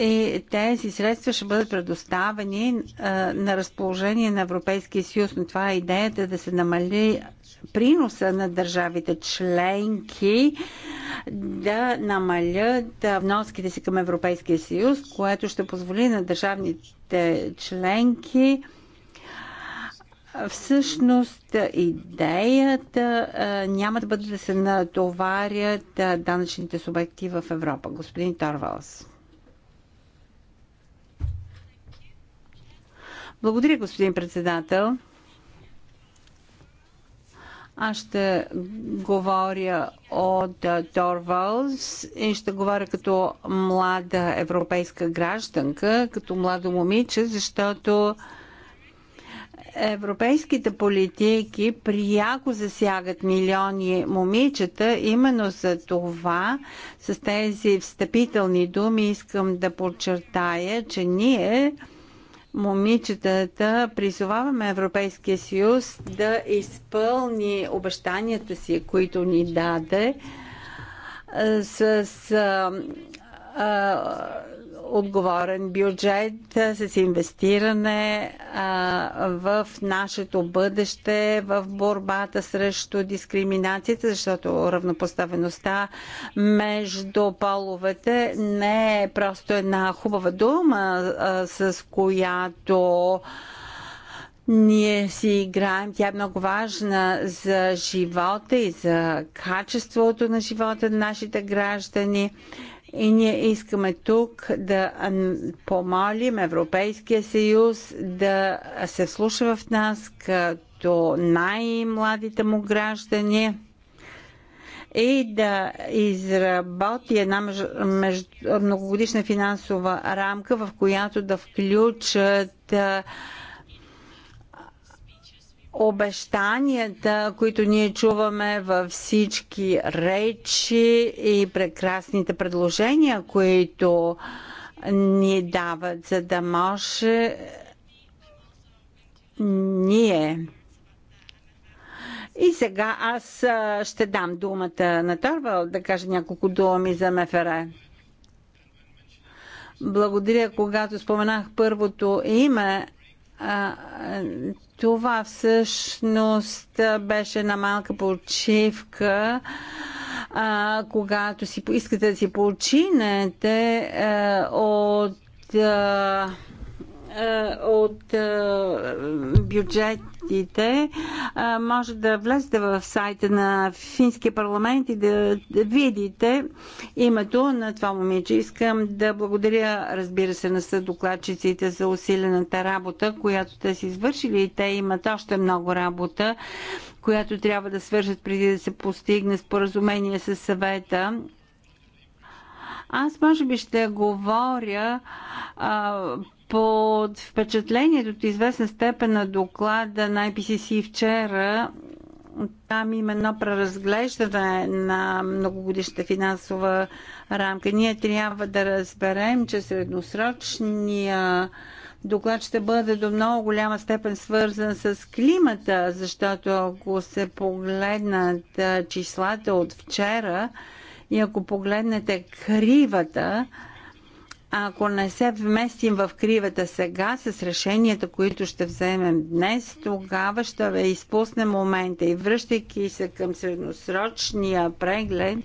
и тези средства ще бъдат предоставени а, на разположение на Европейския съюз, но това е идеята да се намали приноса на държавите членки да намалят вноските си към Европейския съюз, което ще позволи на държавните членки всъщност идеята няма да бъде да се натоварят данъчните субекти в Европа. Господин Торвалс. Благодаря, господин председател. Аз ще говоря от Торвалс и ще говоря като млада европейска гражданка, като младо момиче, защото европейските политики пряко засягат милиони момичета. Именно за това с тези встъпителни думи искам да подчертая, че ние момичетата призоваваме Европейския съюз да изпълни обещанията си, които ни даде с а, а, отговорен бюджет с инвестиране в нашето бъдеще, в борбата срещу дискриминацията, защото равнопоставеността между половете не е просто една хубава дума, с която ние си играем. Тя е много важна за живота и за качеството на живота на нашите граждани. И ние искаме тук да помолим Европейския съюз да се слуша в нас като най-младите му граждани и да изработи една меж... Меж... многогодишна финансова рамка, в която да включат обещанията, които ние чуваме във всички речи и прекрасните предложения, които ни дават, за да може ние. И сега аз ще дам думата на Торвал да каже няколко думи за МФР. Благодаря, когато споменах първото име, това всъщност беше на малка почивка. А, когато си искате да си починете а, е, от а, е, е, от е, бюджетите е, може да влезете в сайта на Финския парламент и да видите името на това момиче. Искам да благодаря, разбира се, на съдокладчиците за усилената работа, която те са извършили и те имат още много работа която трябва да свържат преди да се постигне споразумение с съвета аз може би ще говоря а, под впечатлението от известна степен на доклада на IPCC вчера там има едно преразглеждане на многогодишната финансова рамка. Ние трябва да разберем, че средносрочния доклад ще бъде до много голяма степен свързан с климата, защото ако се погледнат числата от вчера и ако погледнете кривата, ако не се вместим в кривата сега с решенията, които ще вземем днес, тогава ще бе изпуснем момента и връщайки се към средносрочния преглед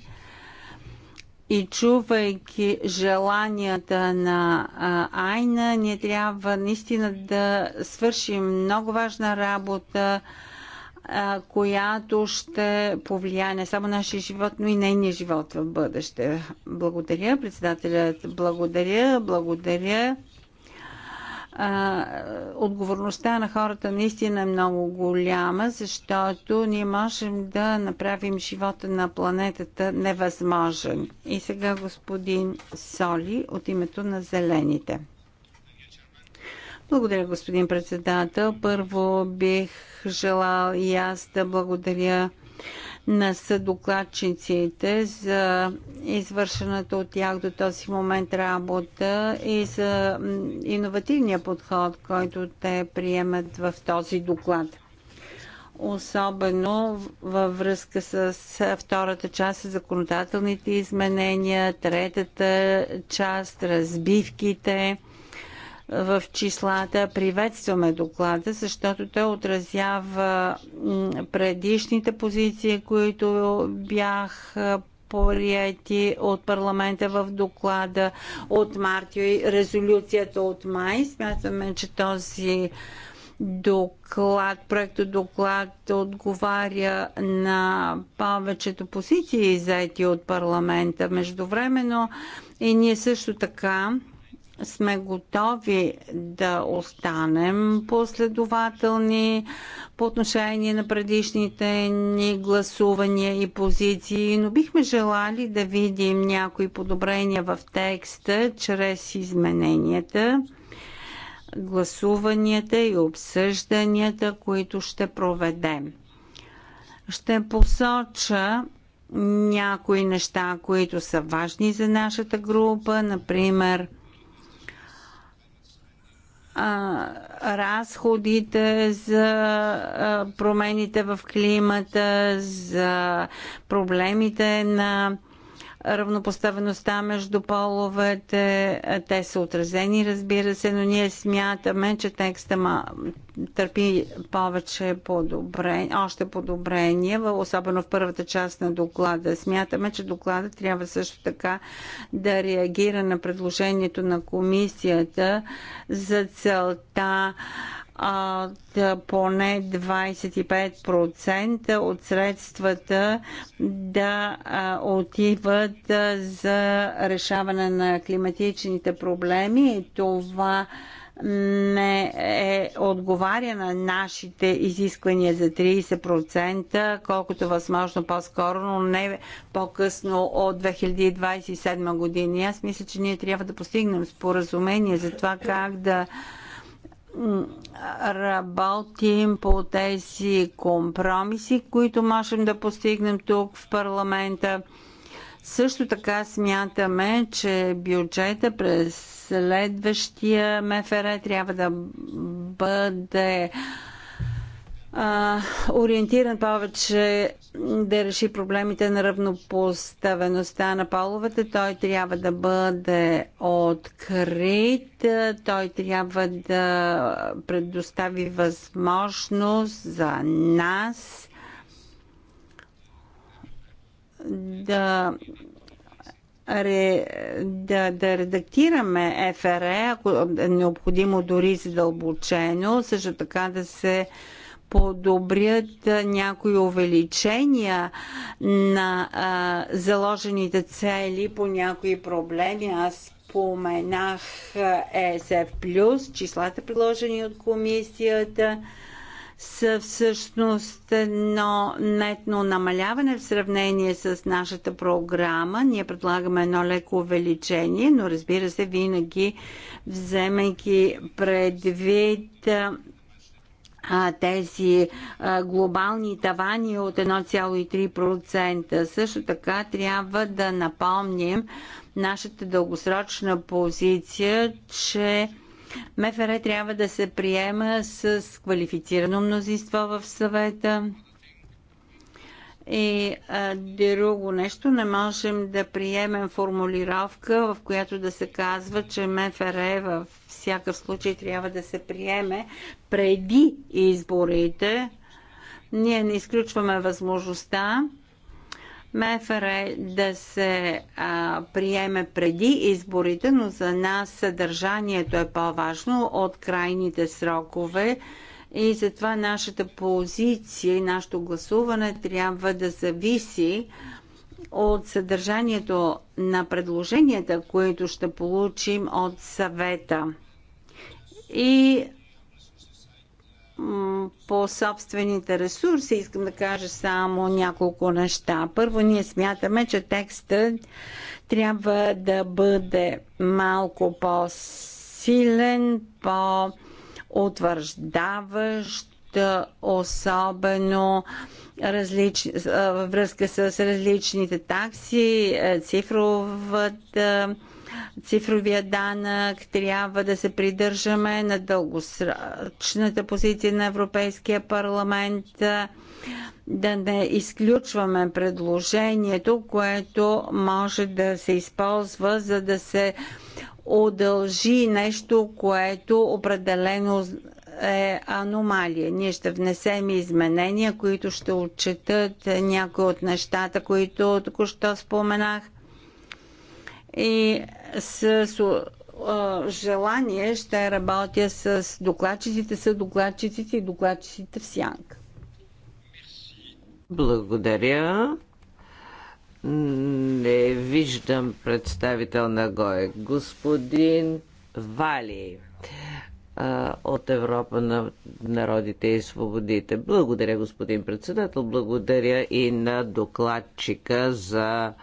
и чувайки желанията на Айна, ние трябва наистина да свършим много важна работа която ще повлияе не само нашия живот, но и нейния живот в бъдеще. Благодаря, председателят. Благодаря, благодаря. Отговорността на хората наистина е много голяма, защото ние можем да направим живота на планетата невъзможен. И сега господин Соли от името на Зелените. Благодаря, господин председател. Първо бих желал и аз да благодаря на съдокладчиците за извършената от тях до този момент работа и за иновативния подход, който те приемат в този доклад. Особено във връзка с втората част с законодателните изменения, третата част, разбивките в числата. Приветстваме доклада, защото той отразява предишните позиции, които бях приети от парламента в доклада от март и резолюцията от май. Смятаме, че този доклад, проекто доклад отговаря на повечето позиции, заети от парламента. Междувременно и ние също така сме готови да останем последователни по отношение на предишните ни гласувания и позиции, но бихме желали да видим някои подобрения в текста чрез измененията, гласуванията и обсъжданията, които ще проведем. Ще посоча някои неща, които са важни за нашата група, например – разходите за промените в климата, за проблемите на равнопоставеността между половете. Те са отразени, разбира се, но ние смятаме, че текста ма, търпи повече подобрение, още подобрение, особено в първата част на доклада. Смятаме, че доклада трябва също така да реагира на предложението на комисията за целта от поне 25% от средствата да отиват за решаване на климатичните проблеми. това не е, отговаря на нашите изисквания за 30%, колкото възможно по-скоро, но не по-късно от 2027 години. Аз мисля, че ние трябва да постигнем споразумение за това как да работим по тези компромиси, които можем да постигнем тук в парламента. Също така смятаме, че бюджета през следващия МФР трябва да бъде а, ориентиран повече да реши проблемите на равнопоставеността на половете. Той трябва да бъде открит, той трябва да предостави възможност за нас да ре, да, да редактираме ФРЕ, e, ако е необходимо дори задълбочено, също така да се подобрят някои увеличения на а, заложените цели по някои проблеми. Аз споменах ЕСФ+, е числата предложени от комисията са всъщност едно нетно намаляване в сравнение с нашата програма. Ние предлагаме едно леко увеличение, но разбира се, винаги вземайки предвид а, тези а, глобални тавани от 1,3%. Също така трябва да напомним нашата дългосрочна позиция, че МФР трябва да се приема с квалифицирано мнозинство в съвета, и а, друго нещо, не можем да приемем формулировка, в която да се казва, че МФР във всякакъв случай трябва да се приеме преди изборите. Ние не изключваме възможността МФР да се а, приеме преди изборите, но за нас съдържанието е по-важно от крайните срокове. И затова нашата позиция и нашето гласуване трябва да зависи от съдържанието на предложенията, които ще получим от съвета. И по собствените ресурси искам да кажа само няколко неща. Първо, ние смятаме, че текстът трябва да бъде малко по-силен, по-силен, по утвърждаващ особено различ... във връзка с различните такси, е, цифровата е, цифровия данък, трябва да се придържаме на дългосрочната позиция на Европейския парламент, е, да не изключваме предложението, което може да се използва, за да се удължи нещо, което определено е аномалия. Ние ще внесем изменения, които ще отчетат някои от нещата, които току-що споменах. И с желание ще работя с докладчиците, с докладчиците и докладчиците в сянка. Благодаря. Не виждам представител на ГОЕ. Господин Вали от Европа на народите и свободите. Благодаря, господин председател. Благодаря и на докладчика за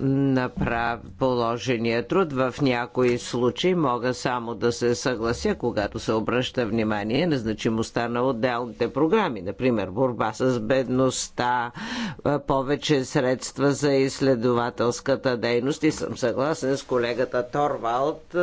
направ... положения труд. В някои случаи мога само да се съглася, когато се обръща внимание на значимостта на отделните програми. Например, борба с бедността, повече средства за изследователската дейност и съм съгласен с колегата Торвалд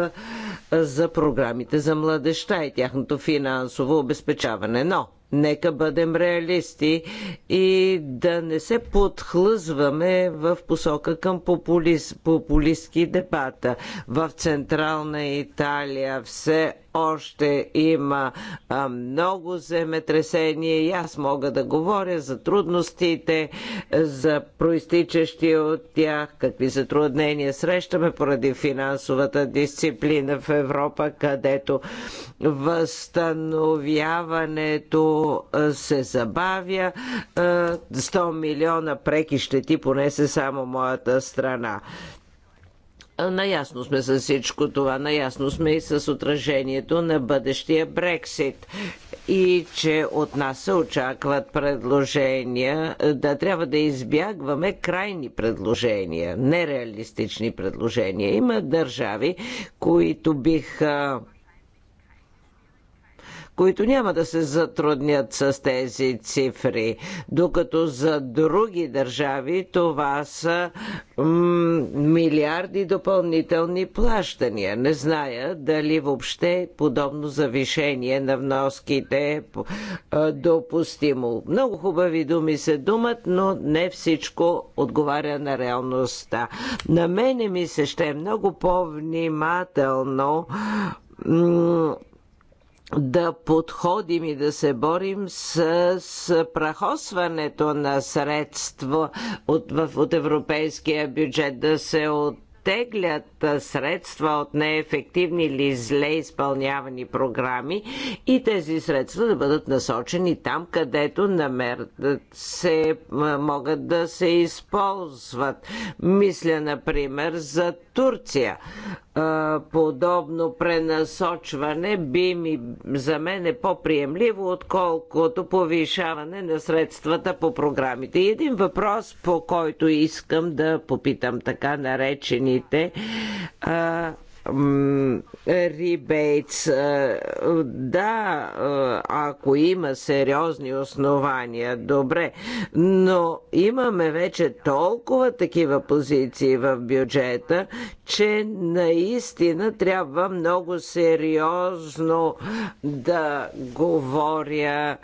за програмите за младеща и тяхното финансово обезпечаване. Но Нека бъдем реалисти и да не се подхлъзваме в посока към популист, популистки дебата. В Централна Италия все още има а, много земетресения и аз мога да говоря за трудностите, за проистичащи от тях, какви затруднения срещаме поради финансовата дисциплина в Европа, където възстановяването е, се забавя. 100 е, милиона преки щети понесе само моята страна. Е, наясно сме с всичко това, наясно сме и с отражението на бъдещия Брексит и че от нас се очакват предложения, да трябва да избягваме крайни предложения, нереалистични предложения. Има държави, които биха които няма да се затруднят с тези цифри. Докато за други държави това са милиарди допълнителни плащания. Не зная дали въобще подобно завишение на вноските е допустимо. Много хубави думи се думат, но не всичко отговаря на реалността. На мене ми се ще е много по-внимателно да подходим и да се борим с, с прахосването на средства от, в, от европейския бюджет, да се от теглят средства от неефективни или зле изпълнявани програми и тези средства да бъдат насочени там, където намер... се могат да се използват. Мисля, например, за Турция подобно пренасочване би ми за мен е по-приемливо, отколкото повишаване на средствата по програмите. И един въпрос, по който искам да попитам така наречените а, рибейтс. Да, е, ако има сериозни основания, добре, но имаме вече толкова такива позиции в бюджета, че наистина трябва много сериозно да говоря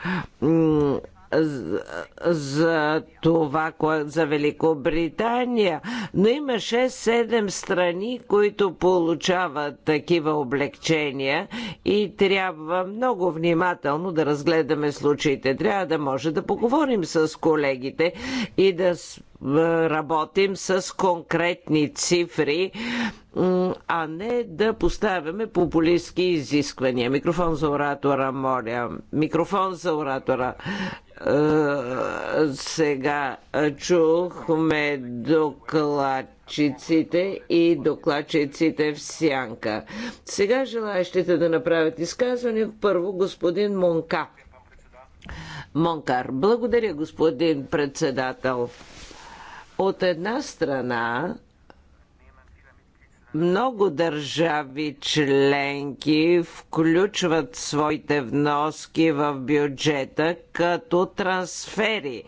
за това, за Великобритания, но има 6-7 страни, които получават такива облегчения и трябва много внимателно да разгледаме случаите. Трябва да може да поговорим с колегите и да е, работим с конкретни цифри, а не да поставяме популистски изисквания. Микрофон за оратора, моля. Микрофон за оратора. Е, сега е, чухме докладчиците и докладчиците в сянка. Сега желаящите да направят изказване. Първо господин Монка. Монкар. Благодаря, господин председател. От една страна, много държави членки включват своите вноски в бюджета като трансфери,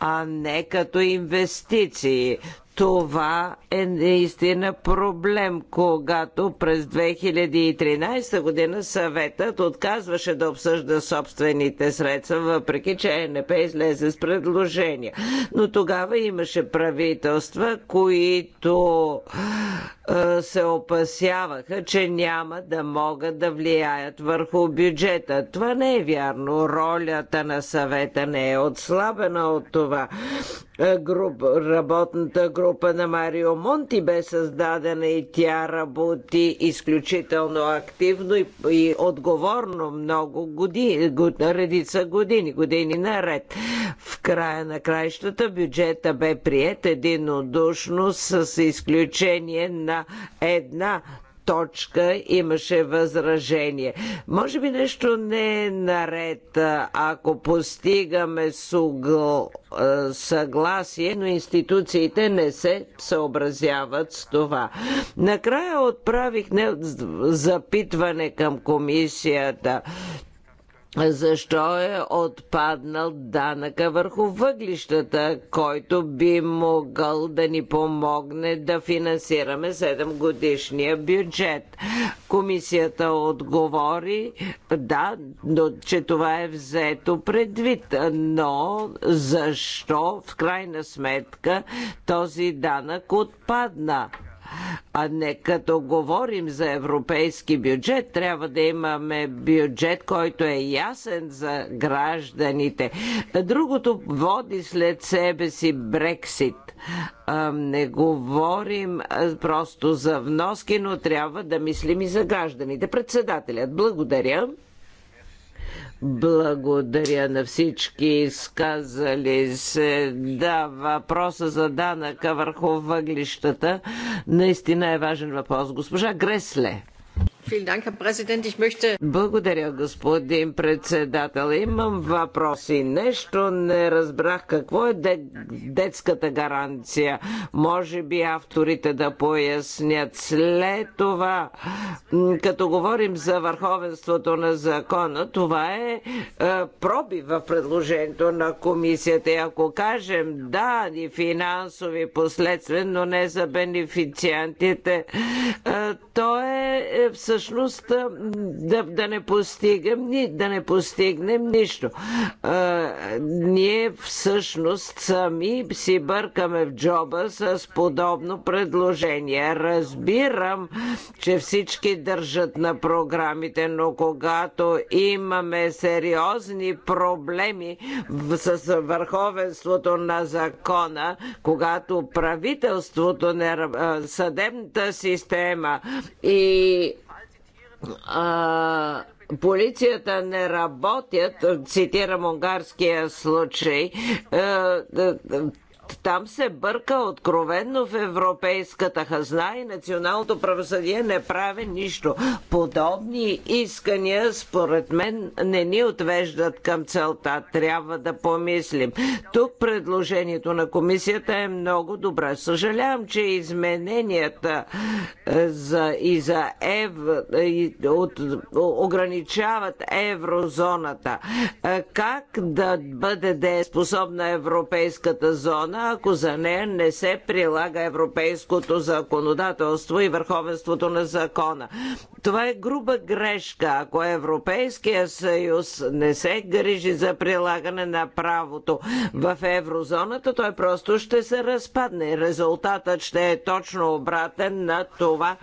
а не като инвестиции. Това е наистина проблем, когато през 2013 година съветът отказваше да обсъжда собствените средства, въпреки че ЕНП излезе с предложения. Но тогава имаше правителства, които е, се опасяваха, че няма да могат да влияят върху бюджета. Това не е вярно. Ролята на съвета не е отслабена от това. Е, Груп, работната група на Марио Монти бе създадена и тя работи изключително активно и, и отговорно много години, год, редица години, години наред. В края на краищата бюджета бе прият единодушно с изключение на една точка имаше възражение. Може би нещо не е наред, ако постигаме съгласие, но институциите не се съобразяват с това. Накрая отправих не, запитване към комисията защо е отпаднал данъка върху въглищата, който би могъл да ни помогне да финансираме 7 годишния бюджет. Комисията отговори, да, но, че това е взето предвид, но защо в крайна сметка този данък отпадна? А не като говорим за европейски бюджет, трябва да имаме бюджет, който е ясен за гражданите. Другото води след себе си Брексит. Не говорим просто за вноски, но трябва да мислим и за гражданите. Председателят, благодаря. Благодаря на всички изказали се. Да, въпроса за данъка върху въглищата наистина е важен въпрос. Госпожа Гресле. Благодаря, господин председател. Имам въпроси. Нещо не разбрах какво е детската гаранция. Може би авторите да пояснят. След това, като говорим за върховенството на закона, това е, е, проби в предложението на комисията. И ако кажем да, ни финансови последствия, но не за бенефициантите, е, то е, е всъщност всъщност да, да, не, постигам, да не постигнем нищо. А, ние всъщност сами си бъркаме в джоба с подобно предложение. Разбирам, че всички държат на програмите, но когато имаме сериозни проблеми с върховенството на закона, когато правителството, не, съдебната система и а, полицията не работят, цитирам унгарския случай, е, е, там се бърка откровенно в европейската хазна и националното правосъдие не прави нищо. Подобни искания, според мен, не ни отвеждат към целта. Трябва да помислим. Тук предложението на комисията е много добре. Съжалявам, че измененията е, за, и за ев, е, и, от, ограничават еврозоната. Е, как да бъде дееспособна европейската зона, ако за нея не се прилага европейското законодателство и върховенството на закона. Това е груба грешка, ако Европейския съюз не се грижи за прилагане на правото в еврозоната, той просто ще се разпадне. Резултатът ще е точно обратен на това,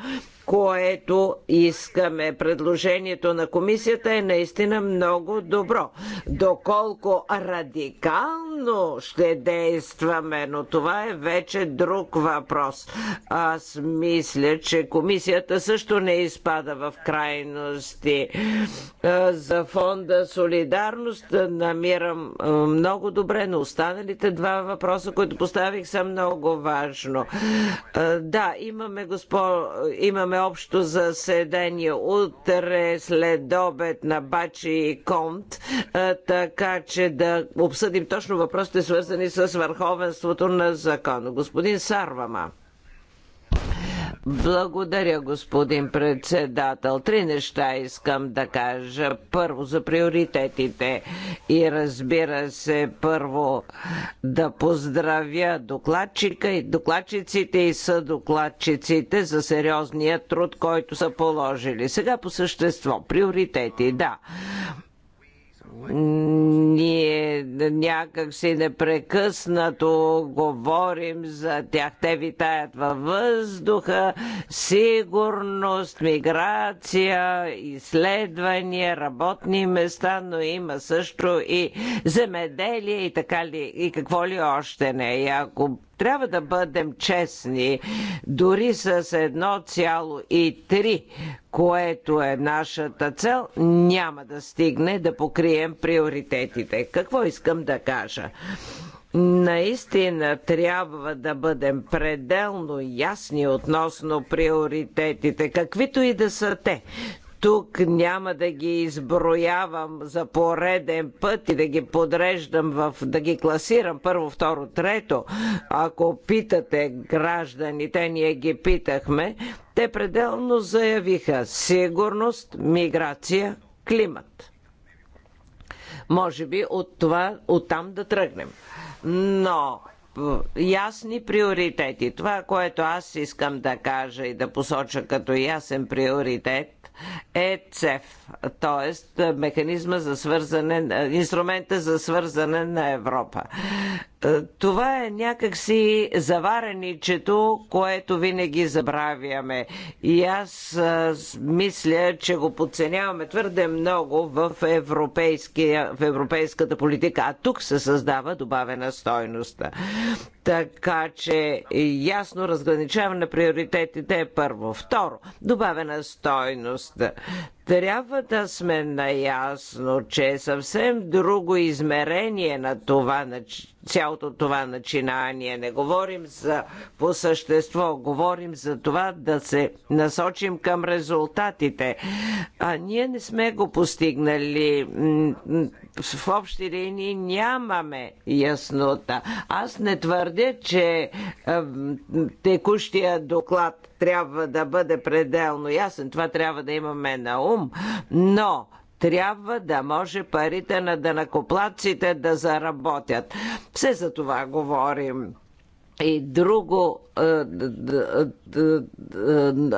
което искаме. Предложението на комисията е наистина много добро. Доколко радикално ще действаме, но това е вече друг въпрос. Аз мисля, че комисията също не изпада в крайности. За фонда Солидарност намирам много добре, но останалите два въпроса, които поставих, са много важно. Да, имаме, госпо... имаме имаме общо заседание утре след обед на Бачи и Конт, така че да обсъдим точно въпросите, свързани с върховенството на закона. Господин Сарвама. Благодаря, господин председател. Три неща искам да кажа. Първо, за приоритетите и разбира се, първо да поздравя докладчика и докладчиците и съдокладчиците за сериозния труд, който са положили. Сега по същество. Приоритети, да ние някак си непрекъснато говорим за тях. Те витаят във въздуха, сигурност, миграция, изследвания, работни места, но има също и земеделие и така ли, и какво ли още не. И ако трябва да бъдем честни, дори с 1,3, което е нашата цел, няма да стигне да покрием приоритетите. Какво искам да кажа? Наистина трябва да бъдем пределно ясни относно приоритетите, каквито и да са те. Тук няма да ги изброявам за пореден път и да ги подреждам в, да ги класирам първо, второ, трето. Ако питате гражданите, ние ги питахме, те пределно заявиха сигурност, миграция, климат. Може би от това, от там да тръгнем. Но ясни приоритети. Това, което аз искам да кажа и да посоча като ясен приоритет, е ЦЕФ, т.е. механизма за свързане, инструмента за свързане на Европа. Е, това е някакси завареничето, което винаги забравяме. И аз е, мисля, че го подценяваме твърде много в, в европейската политика, а тук се създава добавена стойност. Така че ясно разграничаване на приоритетите е първо. Второ, добавена стойност. Трябва да сме наясно, че е съвсем друго измерение на това, на цялото това начинание. Не говорим за по същество, говорим за това да се насочим към резултатите. А ние не сме го постигнали. В общи линии нямаме яснота. Аз не твърдя, че текущия доклад трябва да бъде пределно ясен. Това трябва да имаме на ум. Но трябва да може парите на данакоплаците да заработят. Все за това говорим и друго. Е,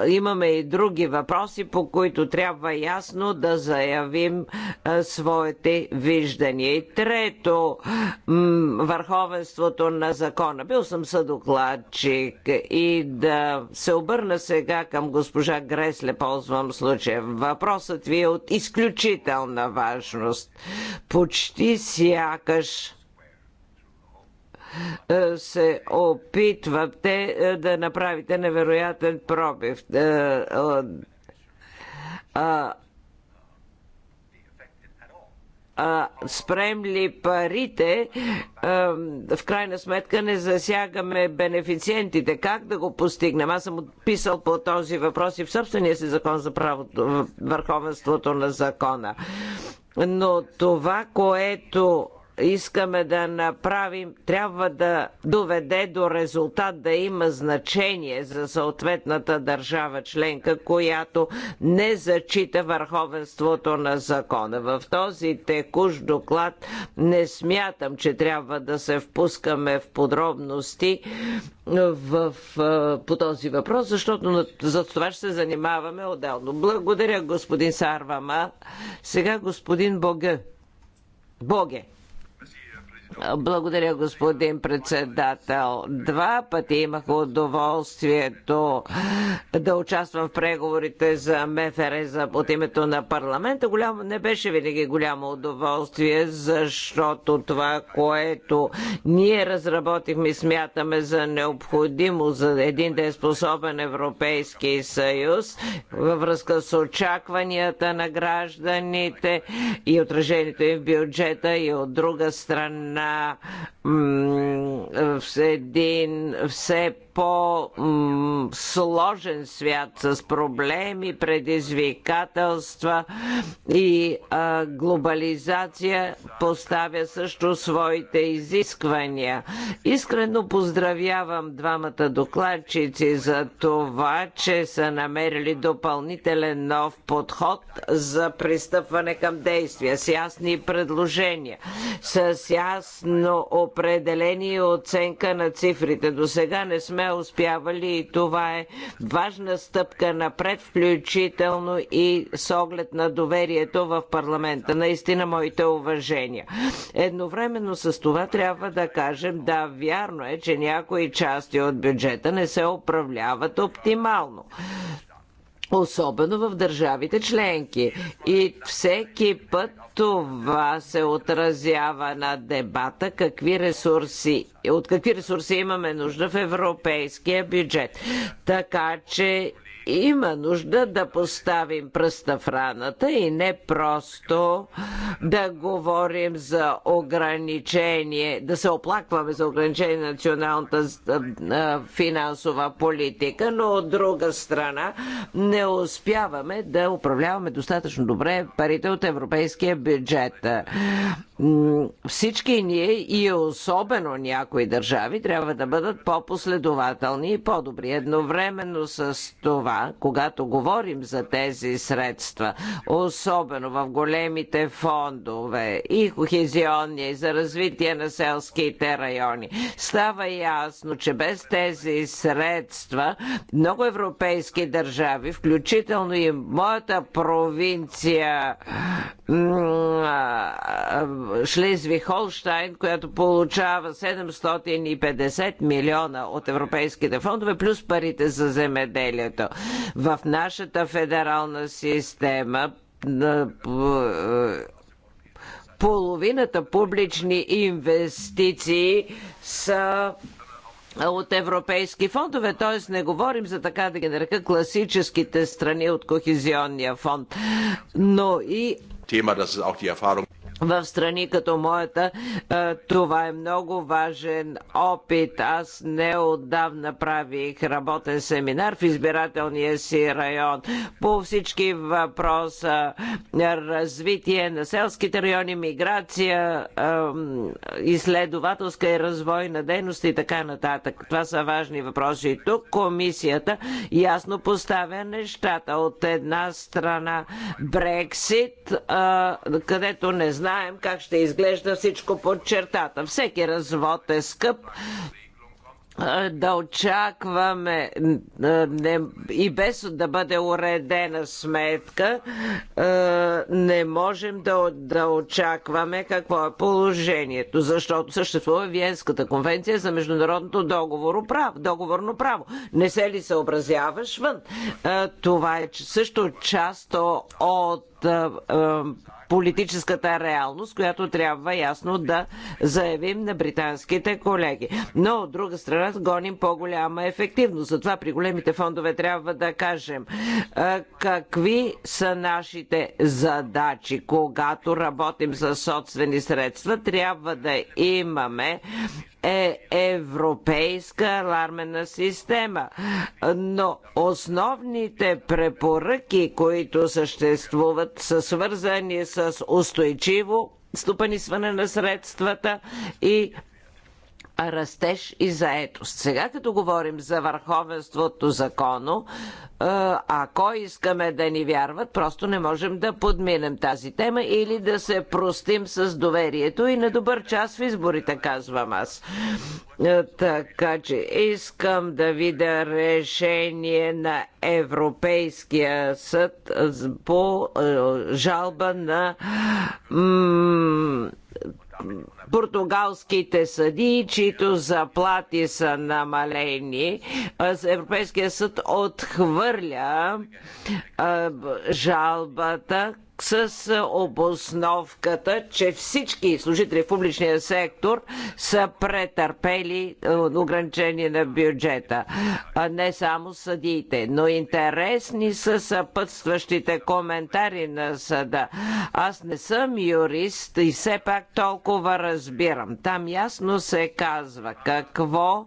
е, имаме и други въпроси, по които трябва ясно да заявим е, своите виждания. И трето, върховенството на закона. Бил съм съдокладчик и да се обърна сега към госпожа Гресле, ползвам случая. Въпросът ви е от изключителна важност. Почти сякаш е, се опитвате е, да направите невероятен пробив е, спрем ли парите, в крайна сметка не засягаме бенефициентите. Как да го постигнем? Аз съм писал по този въпрос и в собствения си закон за правото, върховенството на закона. Но това, което искаме да направим, трябва да доведе до резултат да има значение за съответната държава членка, която не зачита върховенството на закона. В този текущ доклад не смятам, че трябва да се впускаме в подробности в, в, по този въпрос, защото за това ще се занимаваме отделно. Благодаря, господин Сарвама. Сега господин Боге. Боге. Благодаря, господин председател. Два пъти имах удоволствието да участвам в преговорите за МФР за, от името на парламента. Голямо, не беше винаги голямо удоволствие, защото това, което ние разработихме и смятаме за необходимо за един да е способен Европейски съюз във връзка с очакванията на гражданите и отражението им в бюджета и от друга страна все един все по-сложен свят с проблеми, предизвикателства и а, глобализация поставя също своите изисквания. Искрено поздравявам двамата докладчици за това, че са намерили допълнителен нов подход за пристъпване към действия с ясни предложения, с ясно определение и оценка на цифрите. До сега не сме успявали и това е важна стъпка напред, включително и с оглед на доверието в парламента. Наистина, моите уважения. Едновременно с това трябва да кажем, да, вярно е, че някои части от бюджета не се управляват оптимално особено в държавите членки. И всеки път това се отразява на дебата какви ресурси, от какви ресурси имаме нужда в европейския бюджет. Така че има нужда да поставим пръста в раната и не просто да говорим за ограничение, да се оплакваме за ограничение на националната финансова политика, но от друга страна не успяваме да управляваме достатъчно добре парите от европейския бюджет. Всички ние и особено някои държави трябва да бъдат по-последователни и по-добри едновременно с това когато говорим за тези средства, особено в големите фондове и кохезионния и за развитие на селските райони, става ясно, че без тези средства много европейски държави, включително и моята провинция Шлезвихолштайн, която получава 750 милиона от европейските фондове, плюс парите за земеделието. В нашата федерална система е, половината публични инвестиции са от европейски фондове, т.е. не говорим за така да ги нарека класическите страни от Кохезионния фонд, но и в страни като моята, това е много важен опит. Аз неодавна правих работен семинар в избирателния си район по всички въпроса развитие на селските райони, миграция, изследователска и развойна дейност и така нататък. Това са важни въпроси. И тук комисията ясно поставя нещата. От една страна Брексит, където не знам знаем как ще изглежда всичко под чертата. Всеки развод е скъп, е, да очакваме е, не, и без да бъде уредена сметка, е, не можем да, да очакваме какво е положението, защото съществува Виенската конвенция за международното договорно право. Договорно право. Не се ли съобразяваш вън? Това е също част от политическата реалност, която трябва ясно да заявим на британските колеги. Но от друга страна гоним по-голяма ефективност. Затова при големите фондове трябва да кажем какви са нашите задачи. Когато работим с собствени средства, трябва да имаме е европейска алармена система. Но основните препоръки, които съществуват, са свързани с устойчиво стопанисване на средствата и растеж и заетост. Сега като говорим за върховенството закону, ако искаме да ни вярват, просто не можем да подминем тази тема или да се простим с доверието и на добър час в изборите, казвам аз. Така че искам да видя решение на Европейския съд по жалба на португалските съдии, чието заплати са намалени. Европейския съд отхвърля жалбата, с обосновката, че всички служители в публичния сектор са претърпели ограничение на бюджета. А не само съдиите, но интересни са съпътстващите коментари на съда. Аз не съм юрист и все пак толкова разбирам. Там ясно се казва какво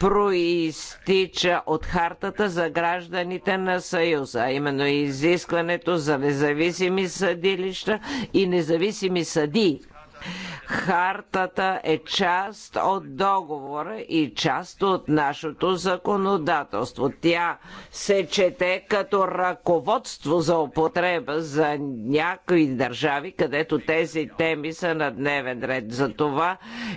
проистича от хартата за гражданите на Съюза, а именно изискването за независими съдилища и независими съдии. Хартата е част от договора и част от нашето законодателство. Тя се чете като ръководство за употреба за някои държави, където тези теми са на дневен ред. Затова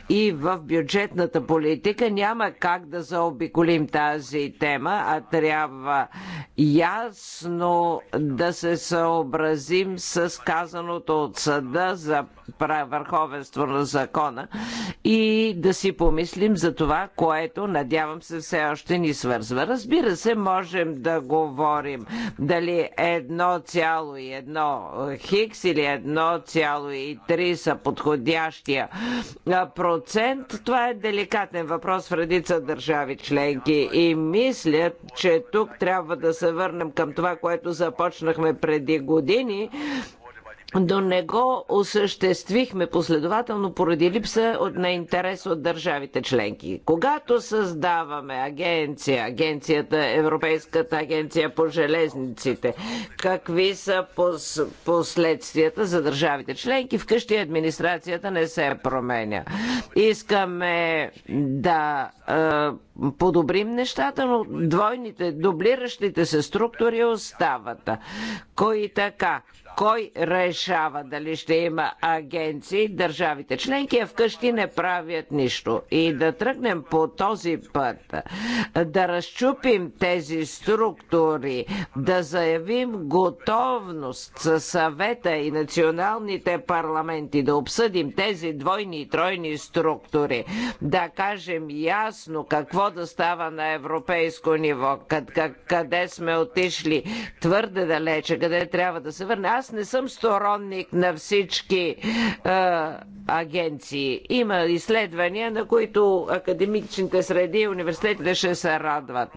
и в бюджетната политика няма как да заобиколим тази тема, а трябва ясно да се съобразим с казаното от съда за върховенство върховенство на закона и да си помислим за това, което надявам се все още ни свързва. Разбира се, можем да говорим дали 1,1 хикс или 1,3 са подходящия процент. Това е деликатен въпрос в редица държави членки и мисля, че тук трябва да се върнем към това, което започнахме преди години но не го осъществихме последователно поради липса на интерес от държавите членки. Когато създаваме агенция, агенцията, Европейската агенция по железниците, какви са пос, последствията за държавите членки, вкъщи администрацията не се променя. Искаме да е, подобрим нещата, но двойните, дублиращите се структури остават. Кои така? Кой решава дали ще има агенции? Държавите членки, а вкъщи не правят нищо. И да тръгнем по този път, да разчупим тези структури, да заявим готовност със съвета и националните парламенти да обсъдим тези двойни и тройни структури, да кажем ясно какво да става на европейско ниво, къде сме отишли твърде далече, къде трябва да се върне. Аз аз не съм сторонник на всички а, агенции. Има изследвания, на които академичните среди и университетите ще се радват.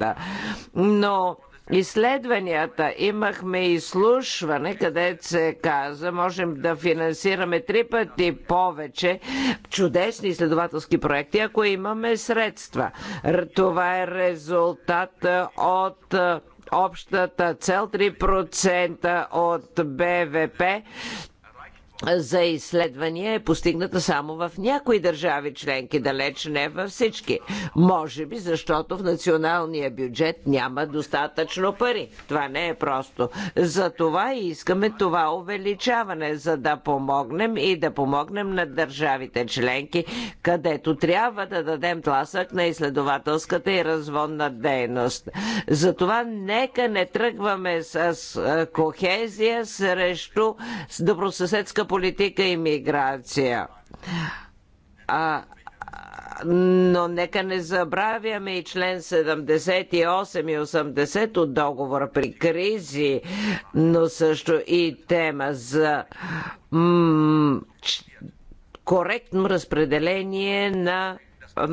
Но изследванията имахме изслушване, където се каза, можем да финансираме три пъти повече чудесни изследователски проекти, ако имаме средства. Това е резултат от общата цел 3% от БВП за изследвания е постигната само в някои държави членки, далеч не във всички. Може би защото в националния бюджет няма достатъчно пари. Това не е просто. За това и искаме това увеличаване, за да помогнем и да помогнем на държавите членки, където трябва да дадем тласък на изследователската и разводна дейност. Затова нека не тръгваме с кохезия срещу добросъседска политика и миграция. А, но нека не забравяме и член 78 и 80 от договора при кризи, но също и тема за коректно разпределение на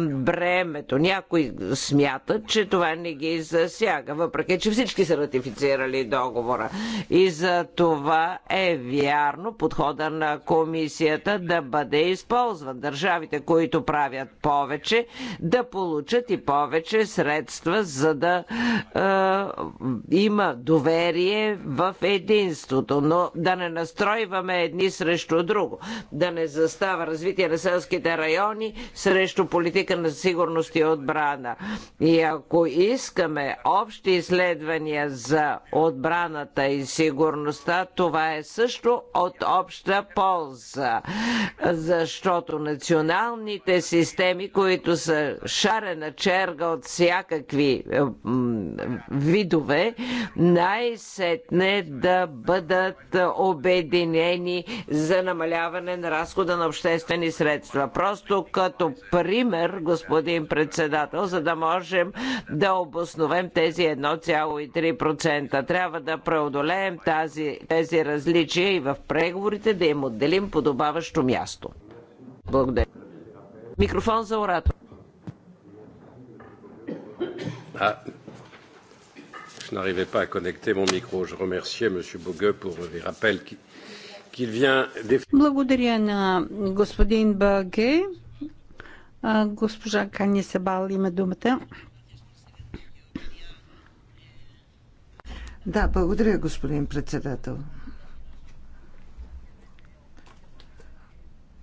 бремето. Някои смятат, че това не ги засяга, въпреки че всички са ратифицирали договора. И за това е вярно подхода на комисията да бъде използван. Държавите, които правят повече, да получат и повече средства, за да е, има доверие в единството. Но да не настройваме едни срещу друго. Да не застава развитие на селските райони срещу политиката политика на сигурност и отбрана. И ако искаме общи изследвания за отбраната и сигурността, това е също от обща полза, защото националните системи, които са шарена черга от всякакви видове, най-сетне да бъдат обединени за намаляване на разхода на обществени средства. Просто като пример пример, господин председател, за да можем да обосновем тези 1,3%. Трябва да преодолеем тази, тези различия и в преговорите да им отделим подобаващо място. Благодаря. Микрофон за оратор. Ah. Je n'arrivais pas à connecter mon micro. Je remerciais M. Bogue pour les rappels qu'il vient. Благодаря на господин Бъге Госпожа Кани Себал има думата. Да, благодаря, господин председател.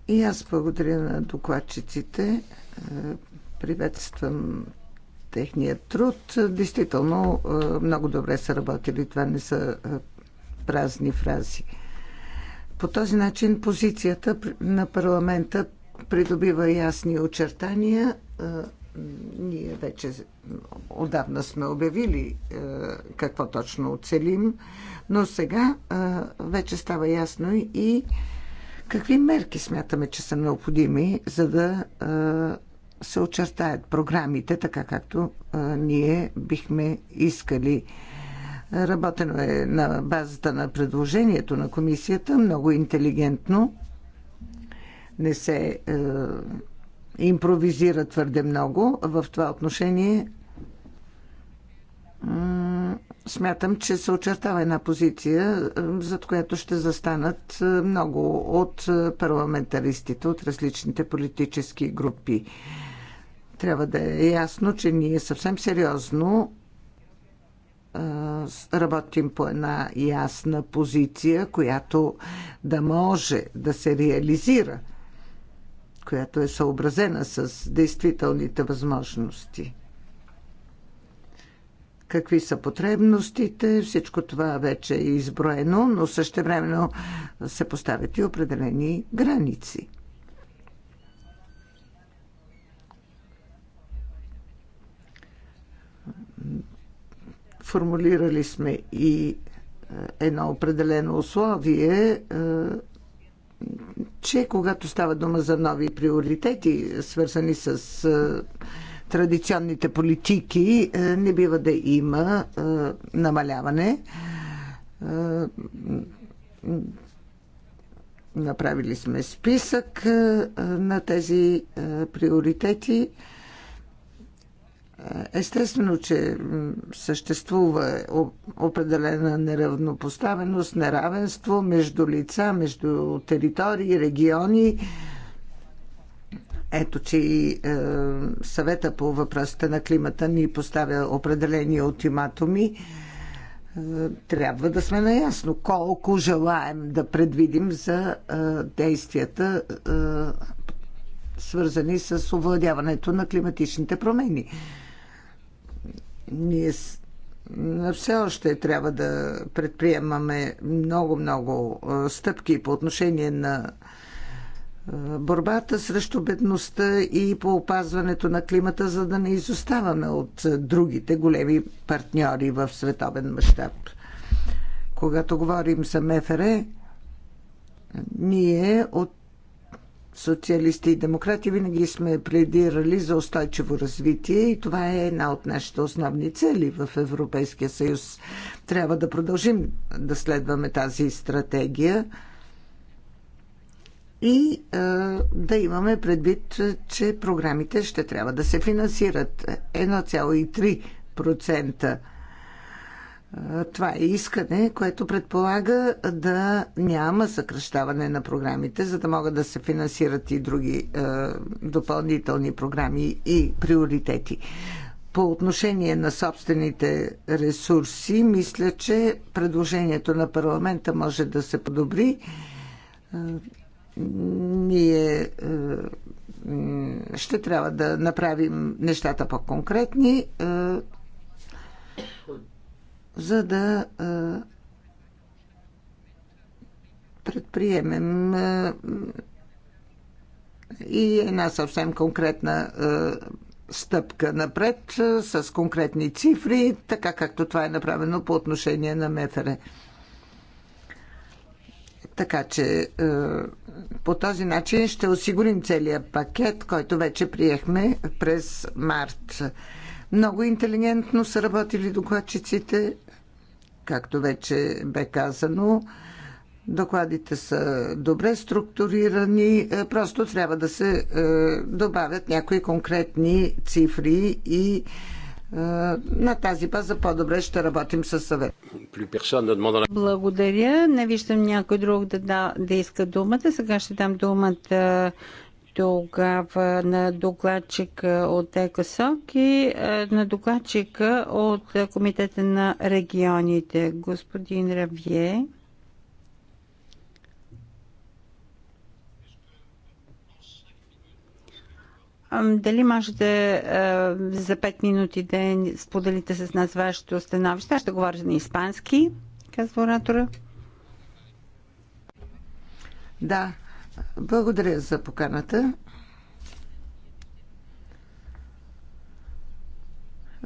И аз благодаря на докладчиците. Е, приветствам техния труд. Действително, е, много добре са работили. Това не са е, празни фрази. По този начин позицията на парламента придобива ясни очертания. Е, ние вече отдавна сме обявили е, какво точно оцелим, но сега е, вече става ясно и какви мерки смятаме, че са необходими, за да се очертаят програмите, така както ние бихме искали. Работено е на базата на предложението на комисията, много интелигентно не се е, импровизира твърде много. В това отношение смятам, че се очертава една позиция, е, зад която ще застанат е, много от е, парламентаристите от различните политически групи. Трябва да е ясно, че ние съвсем сериозно работим по една ясна позиция, която да може да се реализира – която е съобразена с действителните възможности. Какви са потребностите, всичко това вече е изброено, но същевременно се поставят и определени граници. Формулирали сме и е, едно определено условие е, че когато става дума за нови приоритети, свързани с е, традиционните политики, е, не бива да има е, намаляване. Направили сме списък на тези приоритети. Естествено, че съществува определена неравнопоставеност, неравенство между лица, между територии, региони. Ето, че и е, съвета по въпросите на климата ни поставя определени ултиматуми. Е, трябва да сме наясно колко желаем да предвидим за е, действията, е, свързани с овладяването на климатичните промени. Е, ние все още трябва да предприемаме много-много стъпки по отношение на борбата срещу бедността и по опазването на климата, за да не изоставаме от другите големи партньори в световен мащаб. Когато говорим за МФР, ние от социалисти и демократи винаги сме пледирали за устойчиво развитие и това е една от нашите основни цели в Европейския съюз. Трябва да продължим да следваме тази стратегия и е, да имаме предвид, че програмите ще трябва да се финансират 1,3% това е искане, което предполага да няма съкръщаване на програмите, за да могат да се финансират и други е, допълнителни програми и приоритети. По отношение на собствените ресурси, мисля, че предложението на парламента може да се подобри. Е, ние е, ще трябва да направим нещата по-конкретни. Е, за да предприемем и една съвсем конкретна стъпка напред с конкретни цифри, така както това е направено по отношение на МФР. Така че по този начин ще осигурим целият пакет, който вече приехме през март. Много интелигентно са работили докладчиците както вече бе казано. Докладите са добре структурирани, е, просто трябва да се е, добавят някои конкретни цифри и е, на тази база по-добре ще работим със съвет. Благодаря. Не виждам някой друг да, да, да иска думата. Сега ще дам думата тогава на докладчика от ЕКОСОК и е, на докладчика от Комитета на регионите, господин Равие. Дали можете за 5 минути да споделите с нас вашето становище? Аз ще говоря на испански, казва оратора. Да, благодаря за поканата.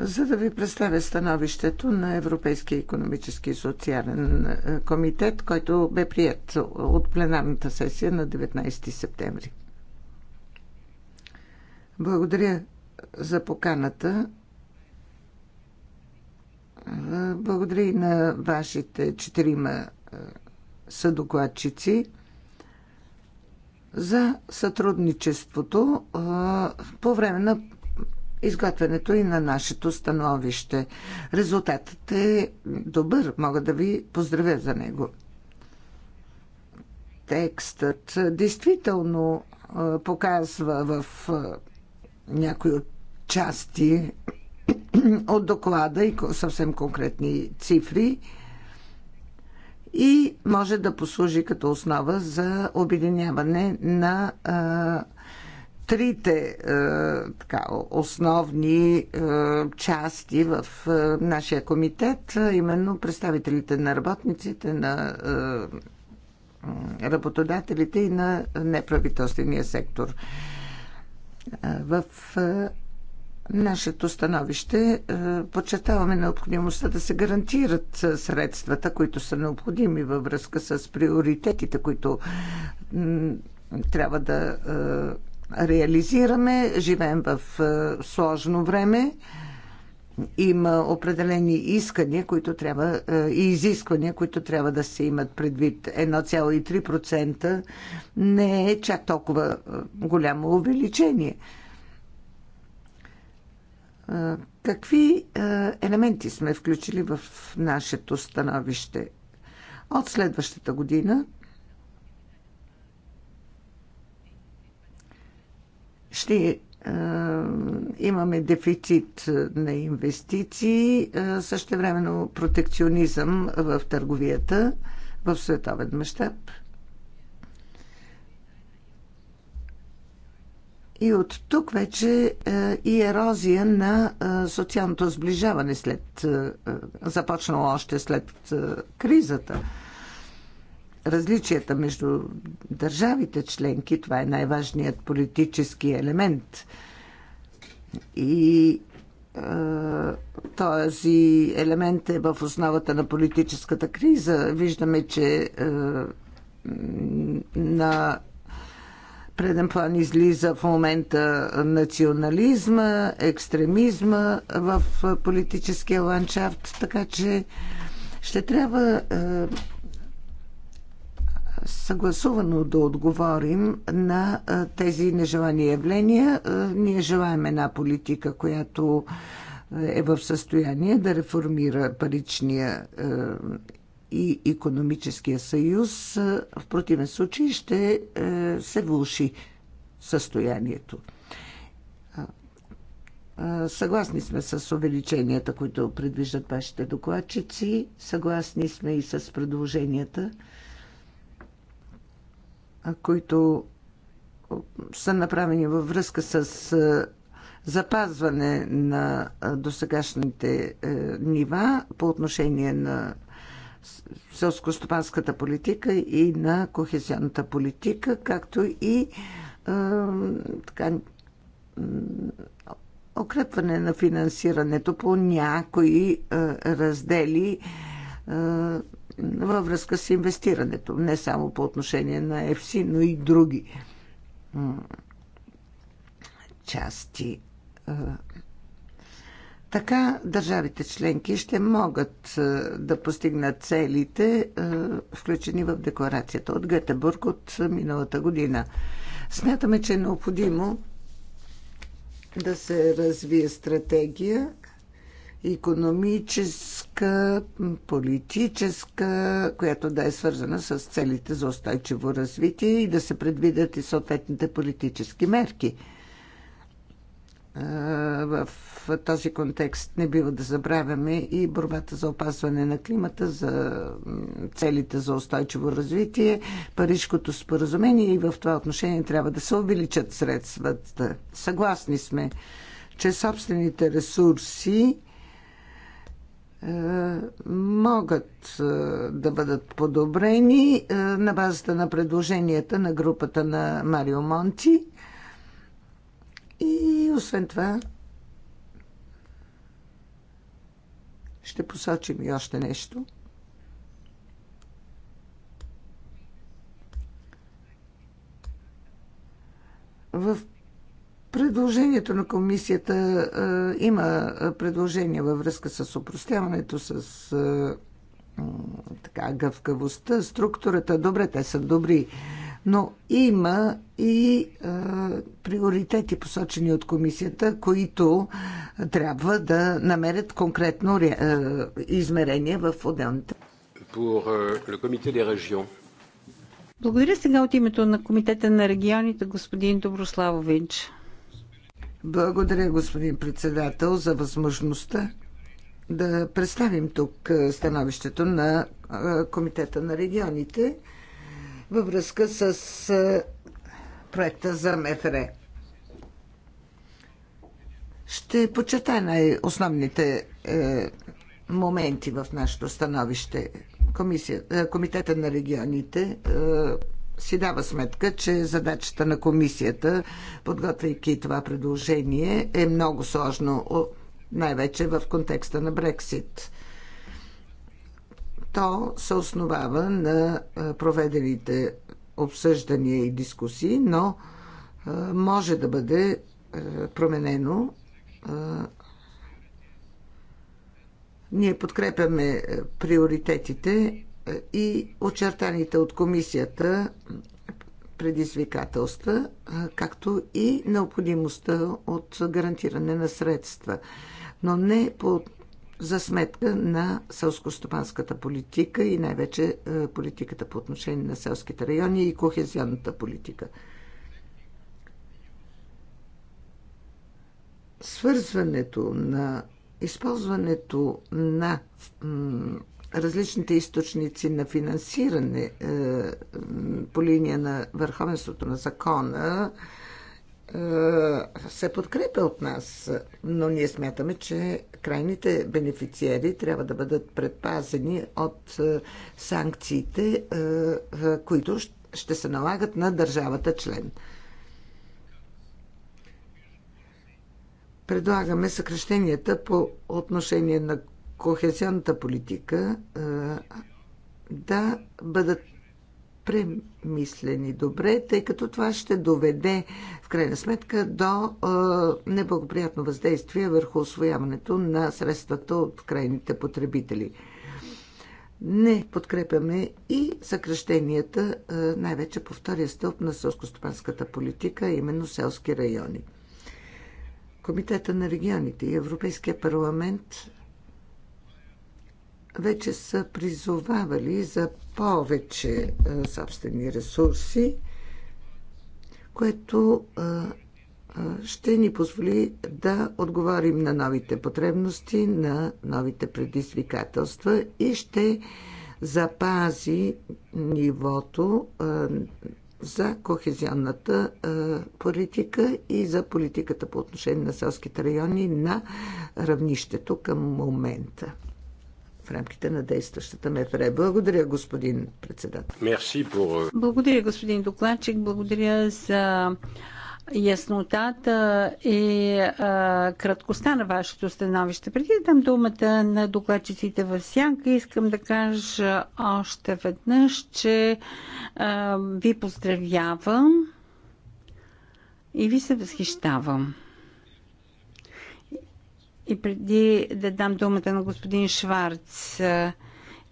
за да ви представя становището на Европейския економически и социален е, комитет, който бе прият от пленарната сесия на 19 септември. Благодаря за поканата. Благодаря и на вашите четирима е, съдокладчици – за сътрудничеството по време на изготвянето и на нашето становище. Резултатът е добър. Мога да ви поздравя за него. Текстът действително показва в някои от части от доклада и съвсем конкретни цифри – и може да послужи като основа за обединяване на а, трите а, така, основни а, части в а, нашия комитет, а именно представителите на работниците, на а, работодателите и на неправителствения сектор. В нашето становище е, подчертаваме необходимостта да се гарантират е, средствата, които са необходими във връзка с приоритетите, които трябва да е, реализираме. Живеем в сложно време. Има определени искания, които трябва и изисквания, които трябва да се имат предвид. 1,3% не е чак толкова голямо увеличение – Какви елементи сме включили в нашето становище? От следващата година ще имаме дефицит на инвестиции, същевременно протекционизъм в търговията в световен мащаб – И от тук вече е, и ерозия на е, социалното сближаване след, е, започнало още след кризата. Различията между държавите членки, това е най-важният политически елемент. И този елемент е в основата на политическата криза. Виждаме, че на преден план излиза в момента национализма, екстремизма в политическия ландшафт, така че ще трябва съгласувано да отговорим на тези нежелани явления. Ние желаем една политика, която е в състояние да реформира паричния и економическия съюз. В противен случай ще е, се влуши състоянието. Съгласни сме с увеличенията, които предвиждат вашите докладчици. Съгласни сме и с предложенията, които са направени във връзка с запазване на досегашните е, нива по отношение на селско-стопанската политика и на кохезионната политика, както и така, укрепване на финансирането по някои раздели във връзка с инвестирането. Не само по отношение на ЕФСИ, но и други части така държавите членки ще могат е, да постигнат целите, е, включени в декларацията от Гетебург от миналата година. Смятаме, че е необходимо да се развие стратегия економическа, политическа, която да е свързана с целите за устойчиво развитие и да се предвидят и съответните политически мерки – в този контекст не бива да забравяме и борбата за опазване на климата, за целите за устойчиво развитие, Парижкото споразумение и в това отношение трябва да се увеличат средствата. Съгласни сме, че собствените ресурси могат да бъдат подобрени на базата на предложенията на групата на Марио Монти – и освен това, ще посочим и още нещо. В предложението на комисията е, има предложения във връзка с упростяването, с е, така, гъвкавостта, структурата. Добре, те са добри. Е, но има и е, приоритети посочени от комисията, които трябва да намерят конкретно е, измерение в отделните. Благодаря сега от името на Комитета на регионите, господин Доброславович. Благодаря, господин председател, за възможността да представим тук становището на Комитета на регионите във връзка с проекта за МФР. Ще почета най-основните е, моменти в нашето становище. Комисия, е, комитета на регионите е, си дава сметка, че задачата на комисията, подготвяйки това предложение, е много сложно, най-вече в контекста на Брексит. То се основава на е, проведените обсъждания и дискусии, но е, може да бъде е, променено. Ние подкрепяме приоритетите и очертаните от комисията предизвикателства, както и необходимостта от гарантиране на средства, но не по за сметка на селско-стопанската политика и най-вече е, политиката по отношение на селските райони и кохезионната политика. Свързването на използването на различните източници на финансиране е, по линия на върховенството на закона е, се подкрепя от нас, но ние смятаме, че крайните бенефициери трябва да бъдат предпазени от е, санкциите, е, които ще се налагат на държавата член. Предлагаме съкрещенията по отношение на кохезионната политика да бъдат премислени добре, тъй като това ще доведе в крайна сметка до е, неблагоприятно въздействие върху освояването на средствата от крайните потребители. Не подкрепяме и съкръщенията, е, най-вече по втория стълб на сълскостопанската политика, именно селски райони. Комитета на регионите и Европейския парламент вече са призовавали за повече е, собствени ресурси, което е, е, ще ни позволи да отговорим на новите потребности, на новите предизвикателства и ще запази нивото за кохезионната политика и за политиката по отношение на селските райони на равнището към момента в рамките на действащата МФР. Благодаря, господин председател. Euh, Благодаря, господин докладчик. Благодаря за яснотата и а, краткостта на вашето становище. Преди да дам думата на докладчиците в сянка, искам да кажа още веднъж, че а, ви поздравявам и ви се възхищавам. И преди да дам думата на господин Шварц,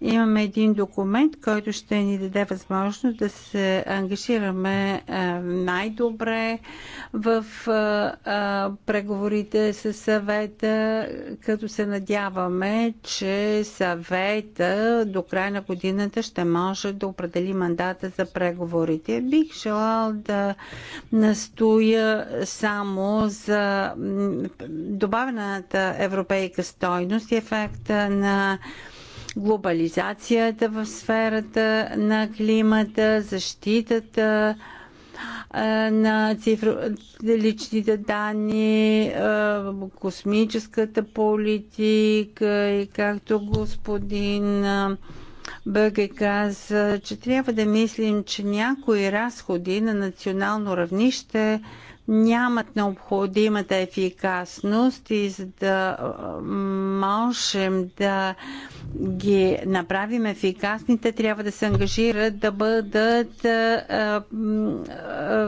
имаме един документ, който ще ни даде възможност да се ангажираме най-добре в преговорите с съвета, като се надяваме, че съвета до края на годината ще може да определи мандата за преговорите. Бих желал да настоя само за добавената европейка стойност и ефекта на глобализацията в сферата на климата, защитата на цифро... личните данни, космическата политика и както господин Бъге каза, че трябва да мислим, че някои разходи на национално равнище нямат необходимата ефикасност и за да можем да ги направим ефикасните, трябва да се ангажират да бъдат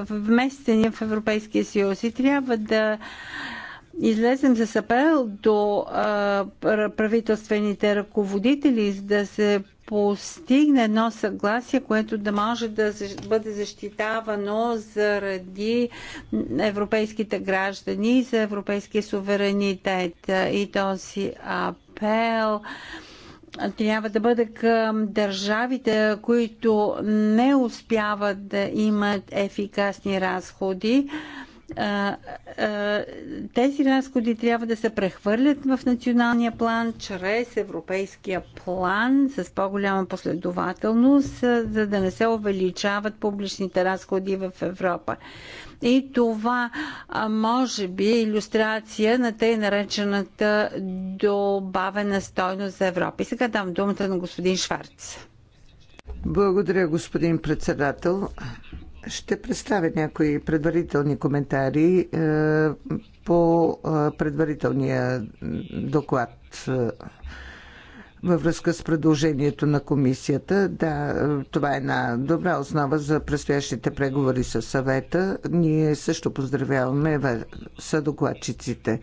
вместени в Европейския съюз и трябва да излезем с апел до правителствените ръководители, за да се постигне едно съгласие, което да може да бъде защитавано заради европейските граждани и за европейския суверенитет. И този апел трябва да бъде към държавите, които не успяват да имат ефикасни разходи тези разходи трябва да се прехвърлят в националния план чрез европейския план с по-голяма последователност, за да не се увеличават публичните разходи в Европа. И това може би е иллюстрация на тъй наречената добавена стойност за Европа. И сега дам думата на господин Шварц. Благодаря, господин председател. Ще представя някои предварителни коментари е, по е, предварителния доклад е, във връзка с предложението на комисията. Да, това е една добра основа за предстоящите преговори с съвета. Ние също поздравяваме съдокладчиците. докладчиците.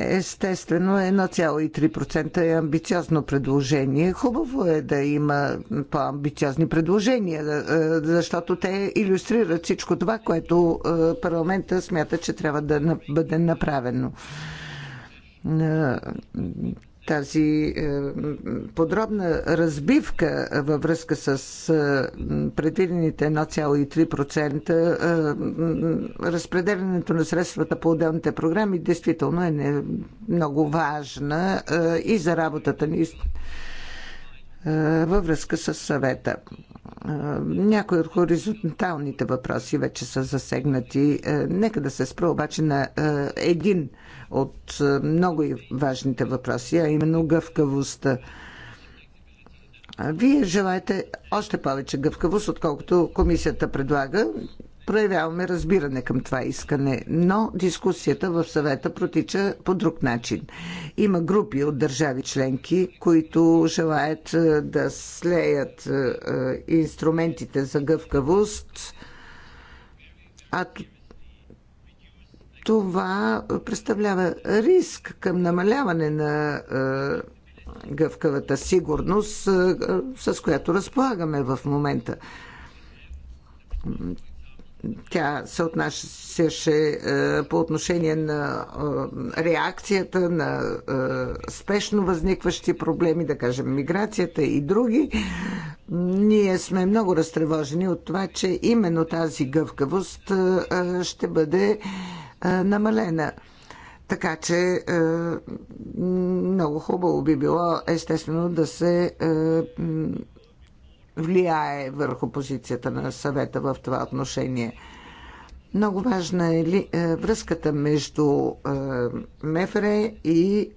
Естествено, 1,3% е амбициозно предложение. Хубаво е да има по-амбициозни предложения, е, защото те иллюстрират всичко това, което е, парламента смята, че трябва да бъде направено е, тази е, подробна разбивка във връзка с е, предвидените 1,3% е, разпределянето на средствата по отделните програми действително е много важна и за работата ни във връзка с съвета. Някои от хоризонталните въпроси вече са засегнати. Нека да се спра обаче на един от е, много важните въпроси, а именно гъвкавостта. Вие желаете още повече гъвкавост, отколкото комисията предлага. Проявяваме разбиране към това искане, но дискусията в съвета протича по друг начин. Има групи от държави членки, които желаят е, да слеят е, инструментите за гъвкавост, а това е, представлява риск към намаляване на е, гъвкавата сигурност, е, с която разполагаме в момента. Тя се отнасяше по отношение на реакцията на спешно възникващи проблеми, да кажем миграцията и други. Ние сме много разтревожени от това, че именно тази гъвкавост ще бъде намалена. Така че е, много хубаво би било, естествено, да се е, влияе върху позицията на съвета в това отношение. Много важна е ли, е, връзката между е, МЕФРЕ и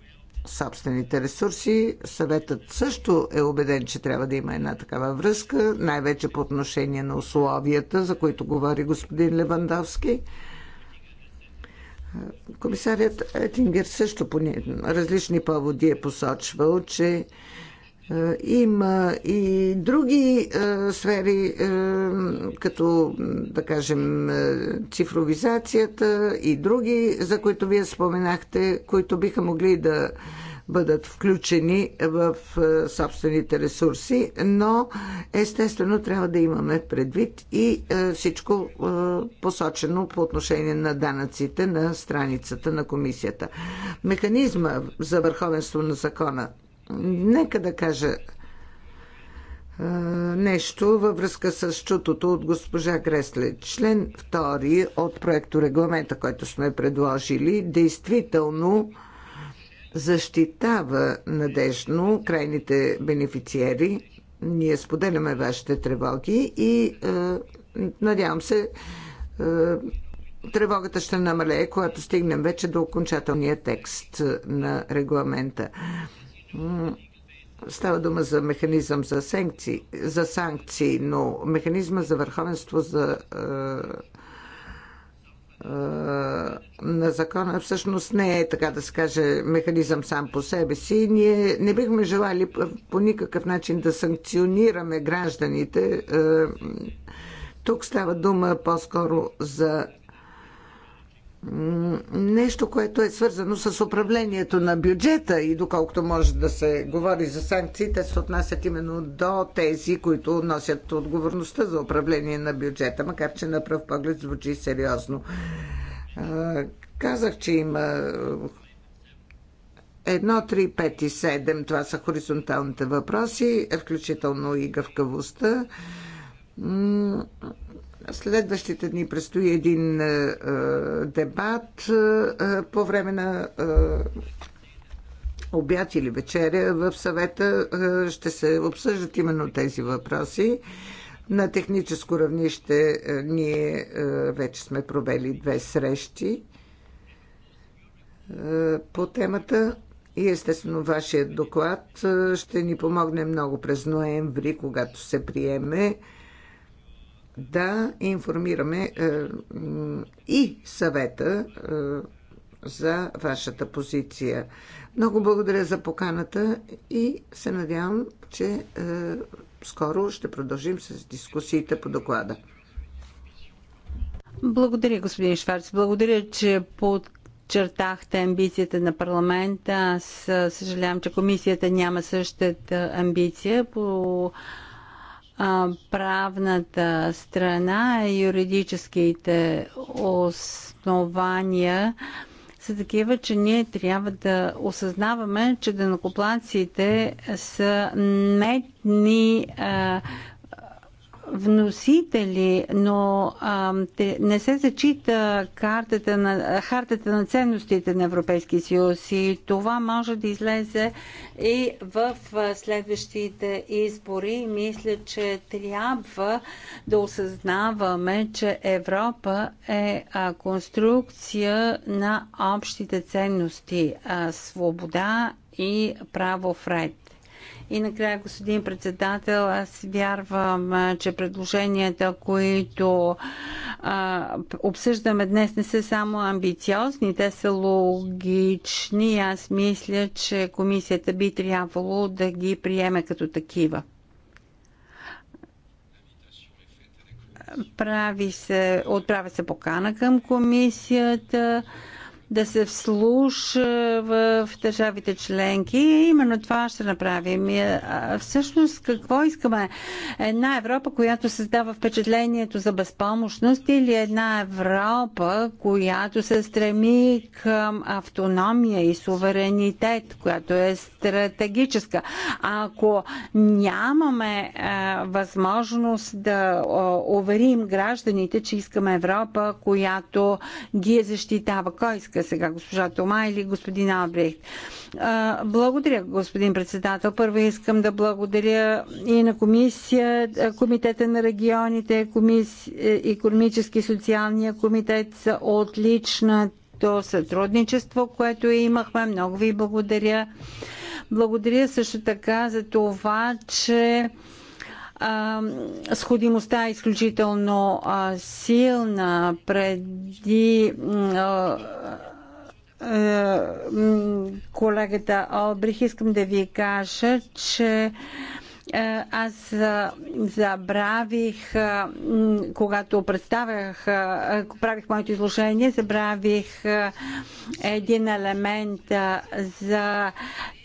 собствените ресурси. Съветът също е убеден, че трябва да има една такава връзка, най-вече по отношение на условията, за които говори господин Левандовски. Комисарят Етингер също по различни поводи е посочвал, че е, има и други е, сфери, е, като да кажем цифровизацията и други, за които вие споменахте, които биха могли да бъдат включени в е, собствените ресурси, но естествено трябва да имаме предвид и е, всичко е, посочено по отношение на данъците на страницата на комисията. Механизма за върховенство на закона. Нека да кажа нещо във връзка с чутото от госпожа Гресле. Член 2 от проекто регламента, който сме предложили, действително защитава надежно крайните бенефициери. Ние споделяме вашите тревоги и е, надявам се е, тревогата ще намалее, когато стигнем вече до окончателния текст на регламента. Става дума за механизъм за санкции, за санкции но механизма за върховенство за е, е, на закона всъщност не е, така да се каже, механизъм сам по себе си. Ние не бихме желали по никакъв начин да санкционираме гражданите. Е, тук става дума по-скоро за нещо, което е свързано с управлението на бюджета и доколкото може да се говори за санкции, те се отнасят именно до тези, които носят отговорността за управление на бюджета, макар че на пръв поглед звучи сериозно. Казах, че има 1, 3, 5 и 7. Това са хоризонталните въпроси, включително и гъвкавостта. Следващите дни предстои един е, е, дебат е, по време на обяд или вечеря в съвета. Ще се обсъждат именно тези въпроси. На техническо равнище ние вече сме провели две срещи по темата и естествено вашия доклад ще ни помогне много през ноември, когато се приеме да информираме е, и съвета е, за вашата позиция. Много благодаря за поканата и се надявам, че е, скоро ще продължим с дискусиите по доклада. Благодаря, господин Шварц. Благодаря, че подчертахте амбицията на парламента. Аз съжалявам, че комисията няма същата амбиция по правната страна, и юридическите основания са такива, че ние трябва да осъзнаваме, че денокоплаците са нетни а, вносители, но а, те, не се зачита картата на, хартата на ценностите на Европейския съюз и това може да излезе и в следващите избори. Мисля, че трябва да осъзнаваме, че Европа е а, конструкция на общите ценности, а, свобода и право в ред. И накрая, господин председател, аз вярвам, че предложенията, които а, обсъждаме днес, не са само амбициозни, те са логични. Аз мисля, че комисията би трябвало да ги приеме като такива. Прави се, отправя се покана към комисията да се вслуша в държавите членки. Именно това ще направим. Всъщност, какво искаме? Една Европа, която създава впечатлението за безпомощност или една Европа, която се стреми към автономия и суверенитет, която е стратегическа. Ако нямаме възможност да уверим гражданите, че искаме Европа, която ги защитава, кой иска иска сега госпожа Тома или господин Абрехт. Благодаря, господин председател. Първо искам да благодаря и на комисия, Комитета на регионите, комисия, е, економически и социалния комитет за отличната то сътрудничество, което имахме. Много ви благодаря. Благодаря също така за това, че а, сходимостта е изключително а, силна преди а, е, колегата Олбрих, искам да ви кажа, че е, аз е, забравих, когато представях, правих моето изложение, забравих един елемент за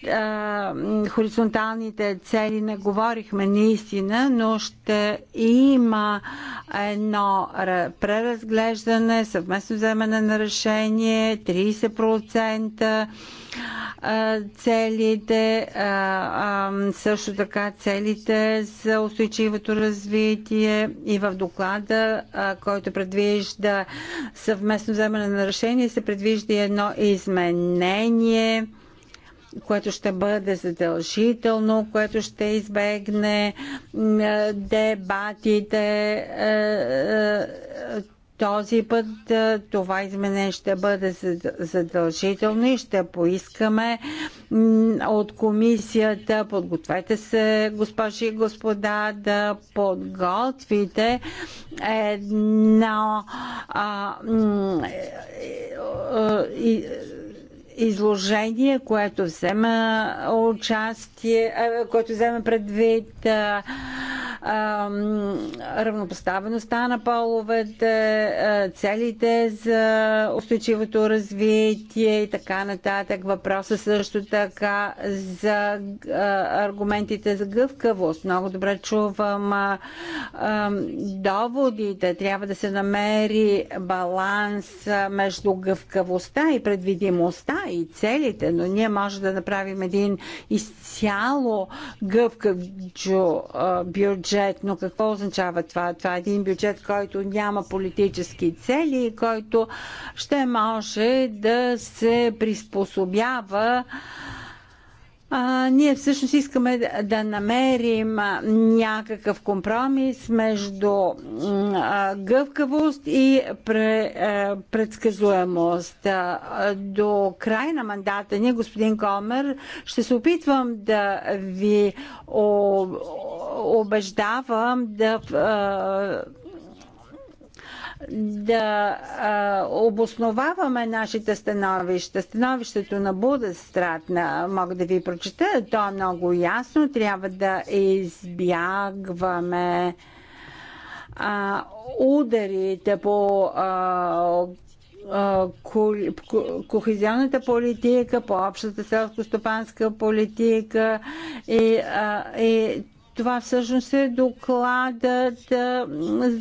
а, хоризонталните цели не говорихме наистина, но ще има едно преразглеждане, съвместно вземане на решение, 30% целите, също така целите за устойчивото развитие и в доклада, който предвижда съвместно вземане на решение, се предвижда едно изменение което ще бъде задължително, което ще избегне е, дебатите. Е, е, този път това изменение ще бъде задължително и ще поискаме от комисията, подгответе се, госпожи и господа, да подготвите едно а, и, изложение, което взема участие, което взема предвид равнопоставеността на половете, целите за устойчивото развитие и така нататък. Въпроса също така за аргументите за гъвкавост. Много добре чувам доводите. Трябва да се намери баланс между гъвкавостта и предвидимостта и целите, но ние може да направим един изцяло гъвкав бюджет бюджет. Но какво означава това? Това е един бюджет, който няма политически цели и който ще може да се приспособява а, ние всъщност искаме да, намерим някакъв компромис между гъвкавост и е, предсказуемост. до край на мандата ни, господин Комер, ще се опитвам да ви убеждавам да. А, да а, обосноваваме нашите становища. Становището на Буда на, мога да ви прочета. То е много ясно. Трябва да избягваме а, ударите по а, кохезионната политика, по общата селско-стопанска политика и, и това всъщност е докладът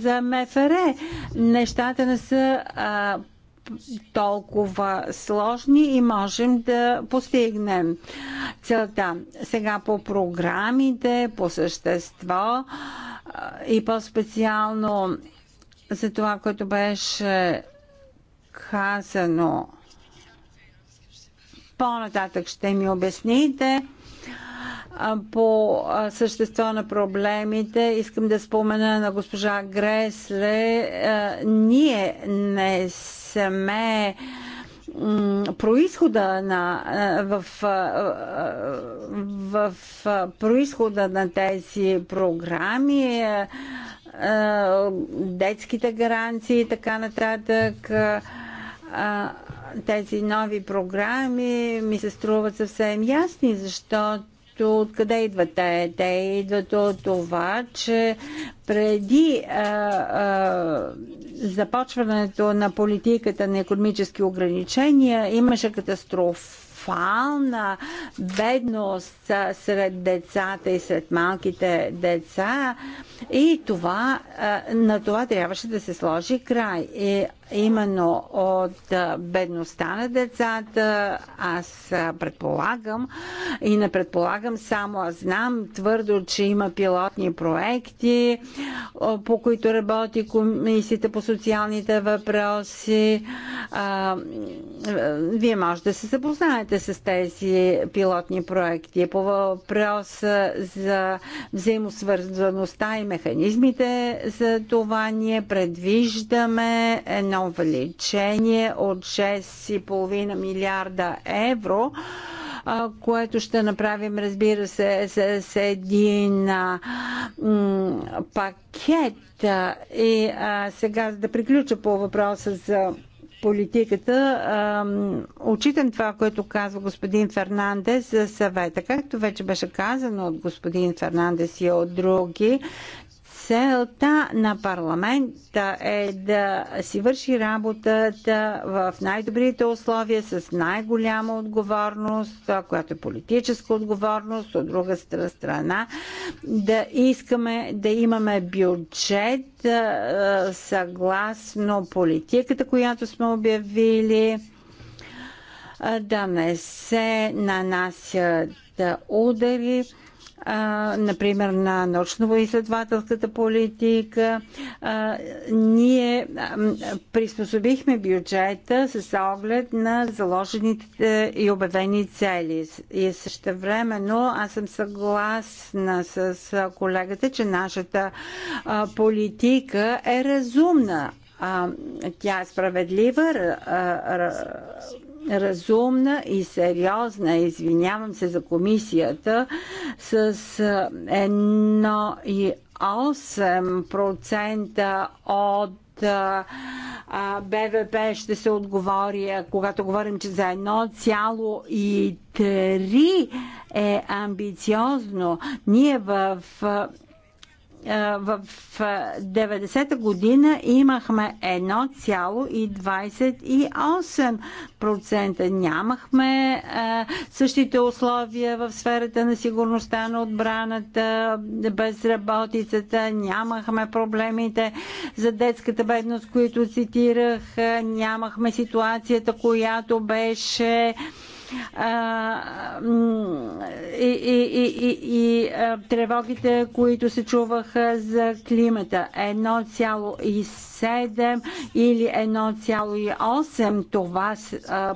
за МФР. Нещата не са а, толкова сложни и можем да постигнем целта. Сега по програмите, по същество и по-специално за това, което беше казано по-нататък ще ми обясните по същество на проблемите. Искам да спомена на госпожа Гресле. Ние не сме происхода на, в, в, в происхода на тези програми, детските гаранции и така нататък тези нови програми ми се струват съвсем ясни, защото откъде идват те? Те идват от това, че преди а, а, започването на политиката на економически ограничения имаше катастрофална бедност сред децата и сред малките деца и това, на това трябваше да се сложи край. И именно от бедността на децата. Аз предполагам и не предполагам само, аз знам твърдо, че има пилотни проекти, по които работи комисията по социалните въпроси. Вие може да се запознаете с тези пилотни проекти. По въпроса за взаимосвързаността и механизмите за това ние предвиждаме едно увеличение от 6,5 милиарда евро което ще направим, разбира се, с, един пакет. И сега, за да приключа по въпроса за политиката, Очитам отчитам това, което казва господин Фернандес за съвета. Както вече беше казано от господин Фернандес и от други, Целта на парламента е да си върши работата в най-добрите условия с най-голяма отговорност, която е политическа отговорност, от друга страна да искаме да имаме бюджет съгласно политиката, която сме обявили, да не се нанасят удари например, на научно-изследователската политика. ние приспособихме бюджета с оглед на заложените и обявени цели. И също но аз съм съгласна с колегата, че нашата политика е разумна. тя е справедлива, разумна и сериозна, извинявам се за комисията, с едно от 8% от БВП ще се отговори, когато говорим, че за 1,3 е амбициозно. Ние в в 90-та година имахме 1,28%. Нямахме същите условия в сферата на сигурността на отбраната, безработицата, нямахме проблемите за детската бедност, които цитирах, нямахме ситуацията, която беше и, и, и, и тревогите, които се чуваха за климата. 1,7 1,7 или 1,8 това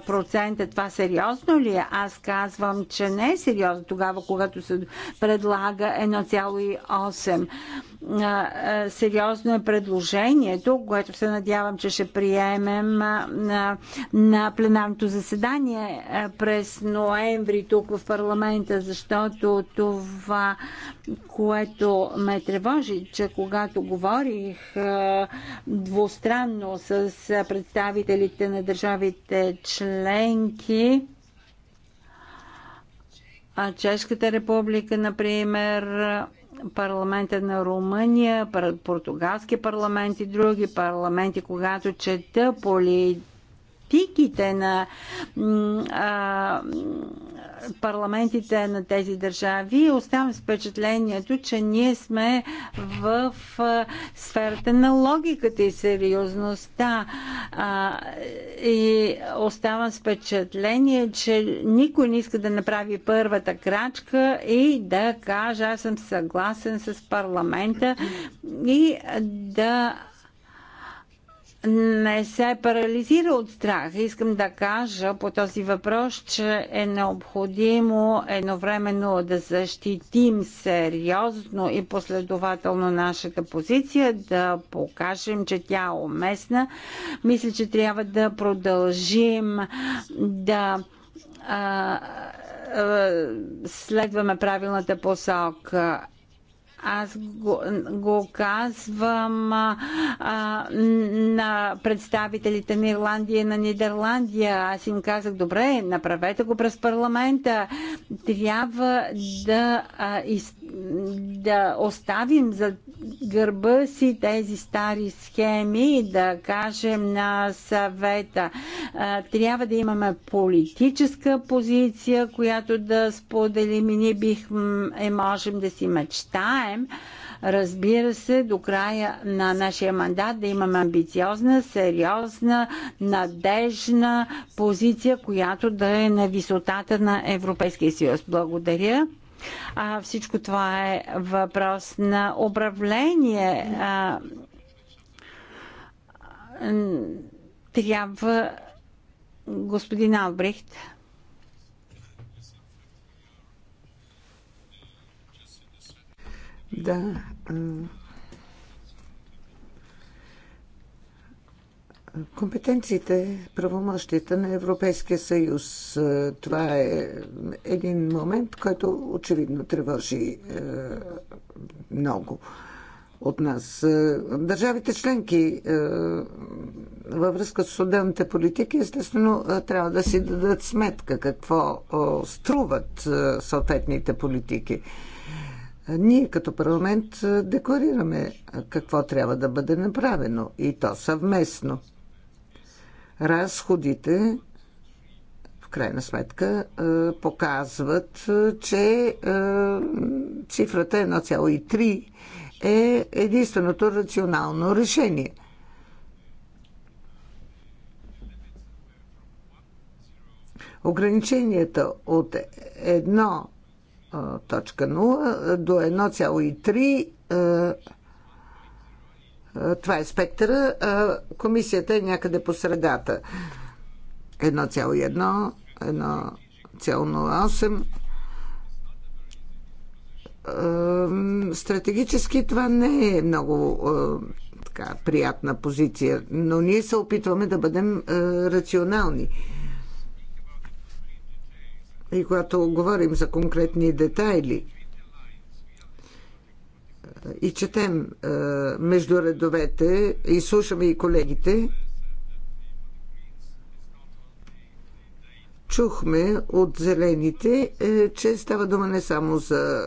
процента, това сериозно ли е? Аз казвам, че не е сериозно тогава, когато се предлага 1,8. Сериозно е предложението, което се надявам, че ще приемем на, на пленарното заседание през ноември тук в парламента, защото това, което ме тревожи, че когато говорих двустранно с представителите на държавите членки. А Чешката република, например, парламента на Румъния, португалски парламент и други парламенти, когато чета политиките на а, парламентите на тези държави. Оставам с впечатлението, че ние сме в сферата на логиката и сериозността. И оставам с впечатление, че никой не иска да направи първата крачка и да каже, аз съм съгласен с парламента и да не се парализира от страх. Искам да кажа по този въпрос, че е необходимо едновременно да защитим сериозно и последователно нашата позиция, да покажем, че тя е уместна. Мисля, че трябва да продължим да следваме правилната посока. Аз го, го казвам а, на представителите на Ирландия и на Нидерландия. Аз им казах, добре, направете го през парламента. Трябва да а, да оставим за гърба си тези стари схеми и да кажем на съвета. Трябва да имаме политическа позиция, която да споделим и ние бихме, можем да си мечтаем разбира се, до края на нашия мандат да имаме амбициозна, сериозна, надежна позиция, която да е на висотата на Европейския съюз. Благодаря. А, всичко това е въпрос на управление. А, трябва господин Албрехт. Да, Компетенциите, правомощията на Европейския съюз, е, това е един момент, който очевидно тревожи е, много от нас. Е, държавите членки във връзка с отделните политики, естествено, трябва да си дадат сметка какво струват съответните политики. Ние като парламент декларираме какво трябва да бъде направено и то съвместно разходите в крайна сметка е, показват, е, че е, цифрата 1,3 е единственото рационално решение. Ограниченията от 1.0 до 1,3 е, това е спектъра. Е, комисията е някъде по средата. 1,1, 1,08 стратегически това не е много е, така, приятна позиция, но ние се опитваме да бъдем рационални. И когато говорим за конкретни детайли, и четем а, е, между редовете и слушаме и колегите, чухме от зелените, е, че става дума не само за,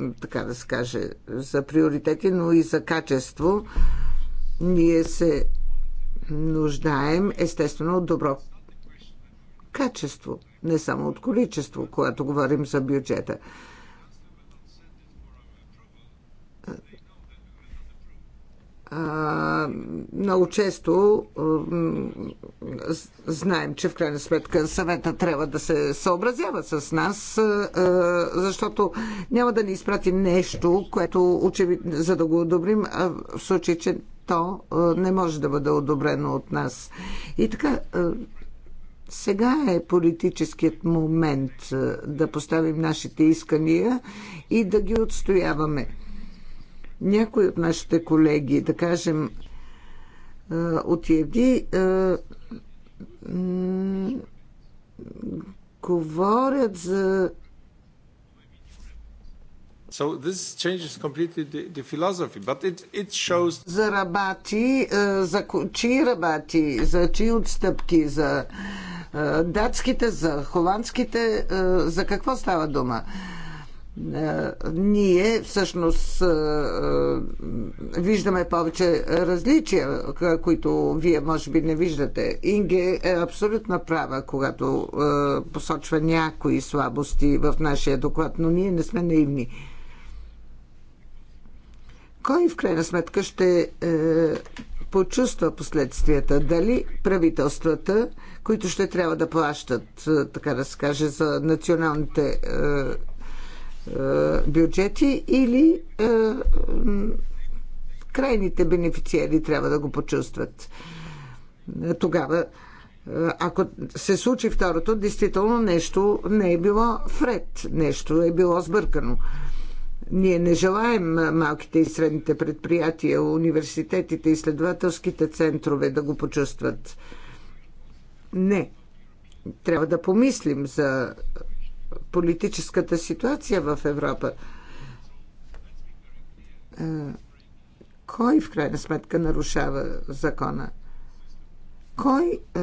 е, така да се каже, за приоритети, но и за качество. Ние се нуждаем, естествено, от добро качество, не само от количество, когато говорим за бюджета. много често знаем, че в крайна сметка съвета трябва да се съобразява с нас, защото няма да ни изпрати нещо, което очевидно, за да го одобрим, в случай, че то не може да бъде одобрено от нас. И така, сега е политическият момент да поставим нашите искания и да ги отстояваме някой от нашите колеги, да кажем, от Евди, говорят за So this changes completely the, the philosophy, but it, it shows... За рабати, за чии рабати, за чии отстъпки, за датските, за холандските, за какво става дума? Е, ние всъщност е, е, виждаме повече различия, които вие може би не виждате. Инге е абсолютно права, когато посочва някои слабости в нашия доклад, но ние не сме наивни. Кой в крайна сметка ще почувства последствията? Дали правителствата, които ще трябва да плащат, така да се каже, за националните е, бюджети или е, крайните бенефициери трябва да го почувстват. Е, тогава, ако се случи второто, действително нещо не е било вред, нещо е било сбъркано. Ние не желаем малките и средните предприятия, университетите, изследователските центрове да го почувстват. Не. Трябва да помислим за политическата ситуация в Европа. Кой в крайна сметка нарушава закона? Кой е,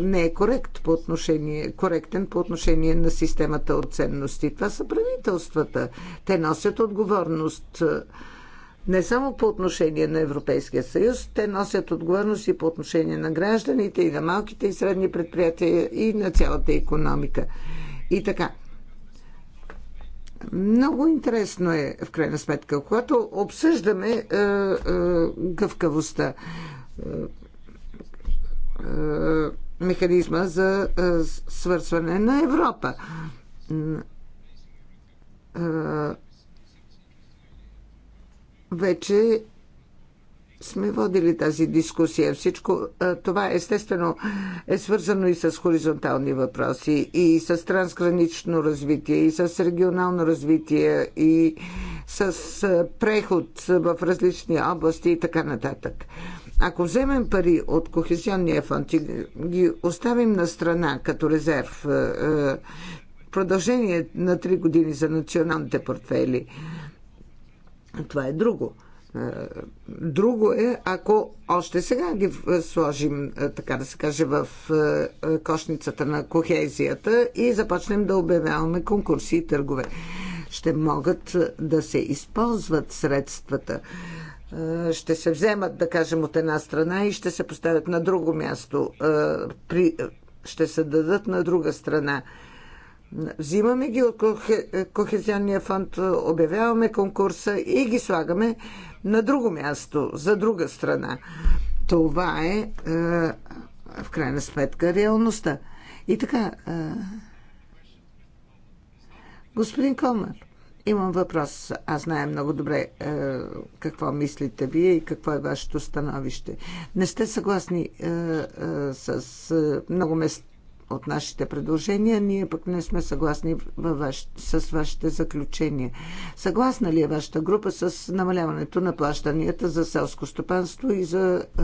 не е корект по отношение, коректен по отношение на системата от ценности? Това са правителствата. Те носят отговорност не само по отношение на Европейския съюз, те носят отговорност и по отношение на гражданите, и на малките и средни предприятия, и на цялата економика. И така. Много интересно е, в крайна сметка, когато обсъждаме е, е, гъвкавостта, е, е, механизма за е, свързване на Европа. Е, вече сме водили тази дискусия. Всичко това естествено е свързано и с хоризонтални въпроси, и с трансгранично развитие, и с регионално развитие, и с преход в различни области и така нататък. Ако вземем пари от Кохезионния фонд и ги оставим на страна като резерв, продължение на три години за националните портфели, това е друго – Друго е, ако още сега ги сложим, е, така да се каже, в е, е, кошницата на кохезията и започнем да обявяваме конкурси и търгове. Ще могат да се използват средствата ще се вземат, да кажем, от една страна и ще се поставят на друго място, ще се дадат на друга страна. Взимаме ги от е, Кохезионния фонд, е, обявяваме конкурса и ги слагаме на друго място, за друга страна. Това е, е в крайна сметка, реалността. И така, господин Комар, имам въпрос. Аз знае много добре е, какво мислите вие и какво е вашето становище. Не сте съгласни е, е, с е, много места от нашите предложения, ние пък не сме съгласни ваш, с вашите заключения. Съгласна ли е вашата група с намаляването на плащанията за селско стопанство и за е,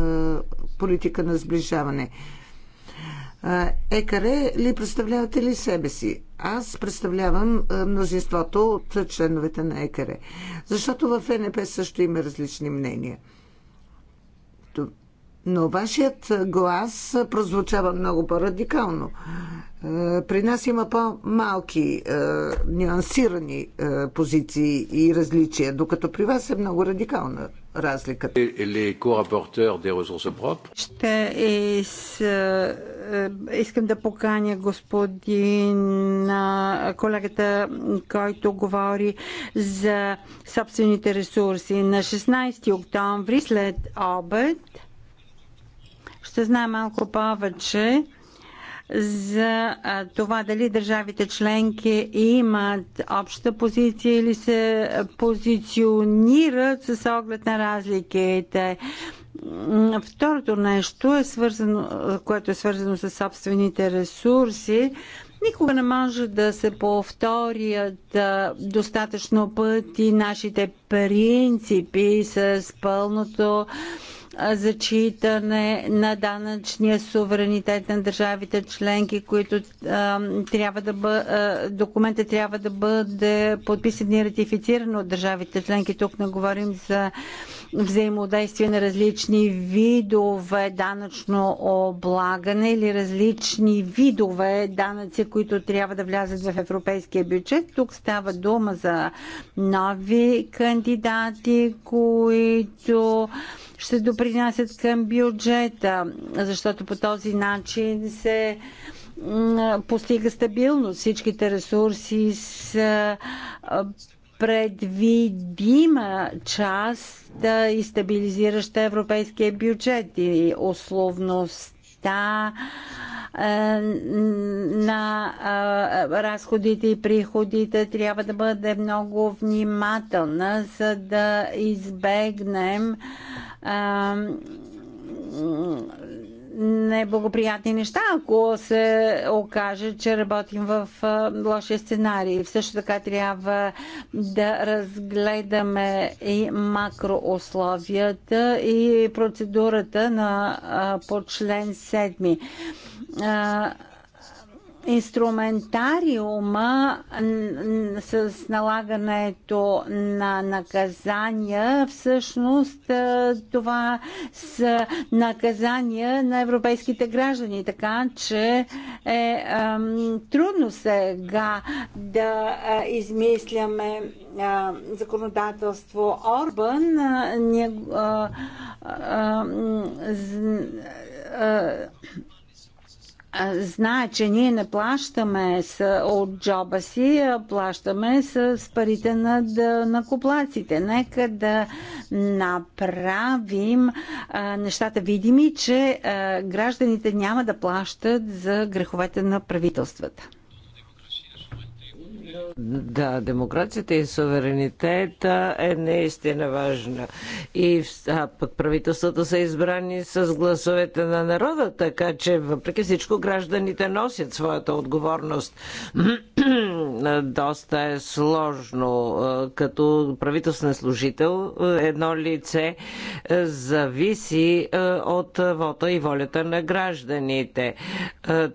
политика на сближаване? Екаре ли представлявате ли себе си? Аз представлявам мнозинството от членовете на Екаре. Защото в НП също има различни мнения. Но вашият глас прозвучава много по-радикално. Е, при нас има по-малки, е, нюансирани е, позиции и различия, докато при вас е много радикална разликата. Ще из, искам да поканя господин колегата, който говори за собствените ресурси. На 16 октомври след обед ще знае малко повече за това дали държавите членки имат обща позиция или се позиционират с оглед на разликите. Второто нещо, е свързано, което е свързано с собствените ресурси, Никога не може да се повторят достатъчно пъти нашите принципи с пълното зачитане на данъчния суверенитет на държавите членки, които трябва да бъ, документът документа трябва да бъде подписан и ратифициран от държавите членки. Тук не говорим за взаимодействие на различни видове данъчно облагане или различни видове данъци, които трябва да влязат в европейския бюджет. Тук става дума за нови кандидати, които ще допринасят към бюджета, защото по този начин се постига стабилност. Всичките ресурси са предвидима част и стабилизираща европейския бюджет и условността на разходите и приходите трябва да бъде много внимателна, за да избегнем неблагоприятни неща, ако се окаже, че работим в лошия сценарий. Също така трябва да разгледаме и макроусловията и процедурата на, по член 7 инструментариума с налагането на наказания, всъщност това с наказания на европейските граждани. Така че е трудно сега да измисляме законодателство Орбан. е, знае, че ние не плащаме с, от джоба си, а плащаме с, с парите на, да, на коплаците. Нека да направим а, нещата видими, че а, гражданите няма да плащат за греховете на правителствата. Да, демокрацията и суверенитета е наистина важна. И а, пък правителствата са избрани с гласовете на народа, така че въпреки всичко гражданите носят своята отговорност. Доста е сложно. Като правителствен служител едно лице зависи от вота и волята на гражданите.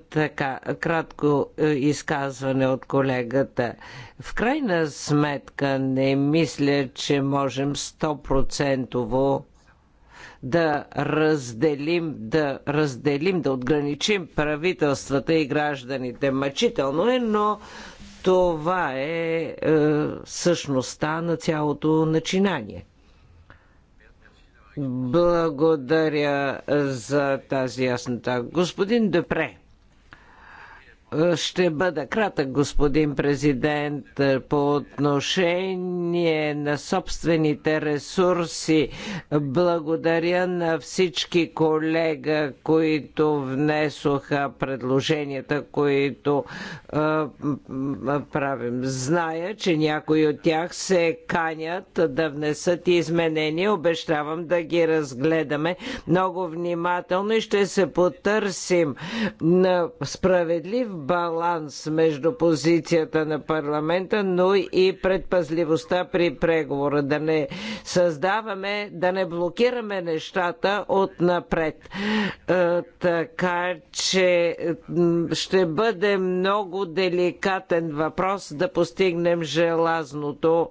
Така, кратко изказване от колегата. В крайна сметка не мисля, че можем 100% да разделим, да разделим, да отграничим правителствата и гражданите. Мъчително е, но това е, е същността на цялото начинание. Благодаря за тази яснота. Господин Депре. Ще бъда кратък, господин президент, по отношение на собствените ресурси. Благодаря на всички колега, които внесоха предложенията, които правим. Зная, че някои от тях се канят да внесат изменения. Обещавам да ги разгледаме много внимателно и ще се потърсим на справедлив баланс между позицията на парламента, но и предпазливостта при преговора. Да не създаваме, да не блокираме нещата от напред. Е, така че ще бъде много деликатен въпрос да постигнем желазното,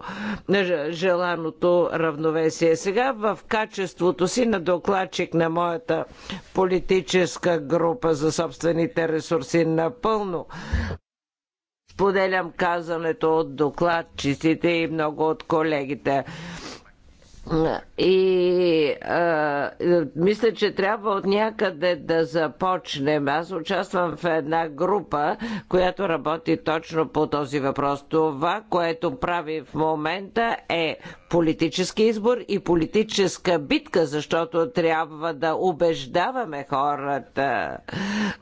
е, желаното равновесие. Сега в качеството си на докладчик на моята политическа група за собствените ресурси напълно напълно. Споделям казането от докладчиците и много от колегите и а, е, мисля, че трябва от някъде да започнем. Аз участвам в една група, която работи точно по този въпрос. Това, което прави в момента е политически избор и политическа битка, защото трябва да убеждаваме хората.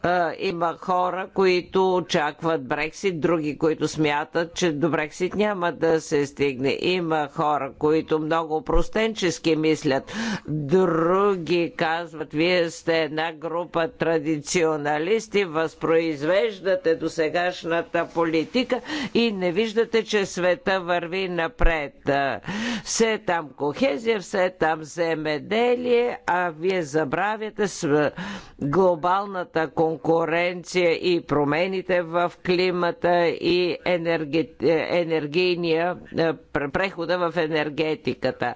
А, има хора, които очакват Брексит, други, които смятат, че до Брексит няма да се стигне. Има хора, които много простенчески всички мислят. Други казват, вие сте една група традиционалисти, възпроизвеждате до сегашната политика и не виждате, че света върви напред. Все там кохезия, все там земеделие, а вие забравяте с глобалната конкуренция и промените в климата и енерги... енергийния прехода в енергетиката.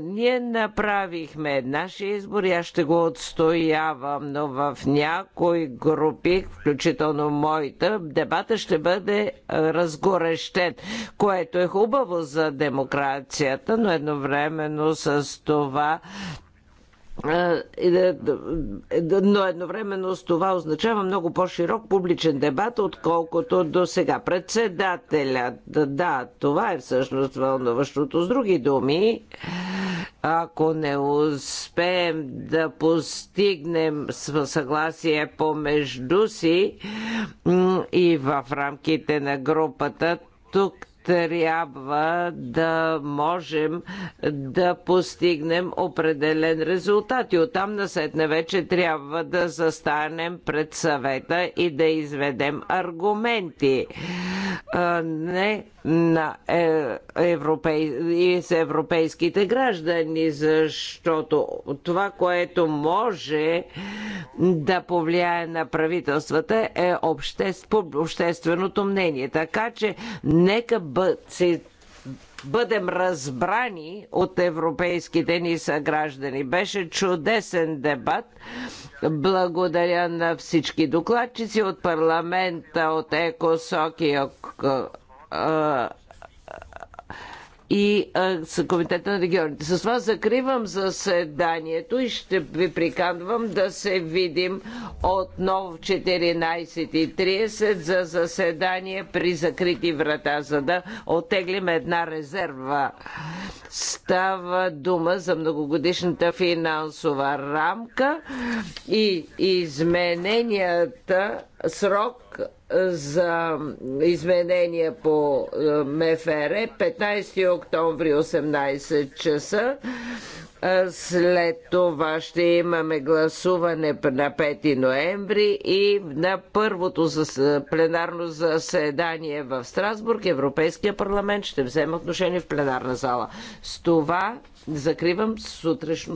Ние направихме нашия избор и аз ще го отстоявам, но в някои групи, включително моята, дебата ще бъде разгорещен, което е хубаво за демокрацията, но едновременно с това но едновременно с това означава много по-широк публичен дебат, отколкото до сега. Председателят, да, това е всъщност вълнуващото. С други думи, ако не успеем да постигнем съгласие помежду си и в рамките на групата, тук трябва да можем да постигнем определен резултат. И оттам на насетне вече трябва да застанем пред съвета и да изведем аргументи. Не на е, европей... и с европейските граждани, защото това, което може да повлияе на правителствата е обществ... общественото мнение. Така че нека се бъдем разбрани от европейските ни съграждани. Беше чудесен дебат. Благодаря на всички докладчици от парламента, от ЕКОСОК и от и Комитета на регионите. С това закривам заседанието и ще ви приканвам да се видим отново в 14.30 за заседание при закрити врата, за да отеглим една резерва. Става дума за многогодишната финансова рамка и измененията срок за изменения по е, МФР 15 октомври 18 часа. Е, след това ще имаме гласуване на 5 ноември и на първото пленарно заседание в Страсбург Европейския парламент ще вземе отношение в пленарна зала. С това закривам сутрешното.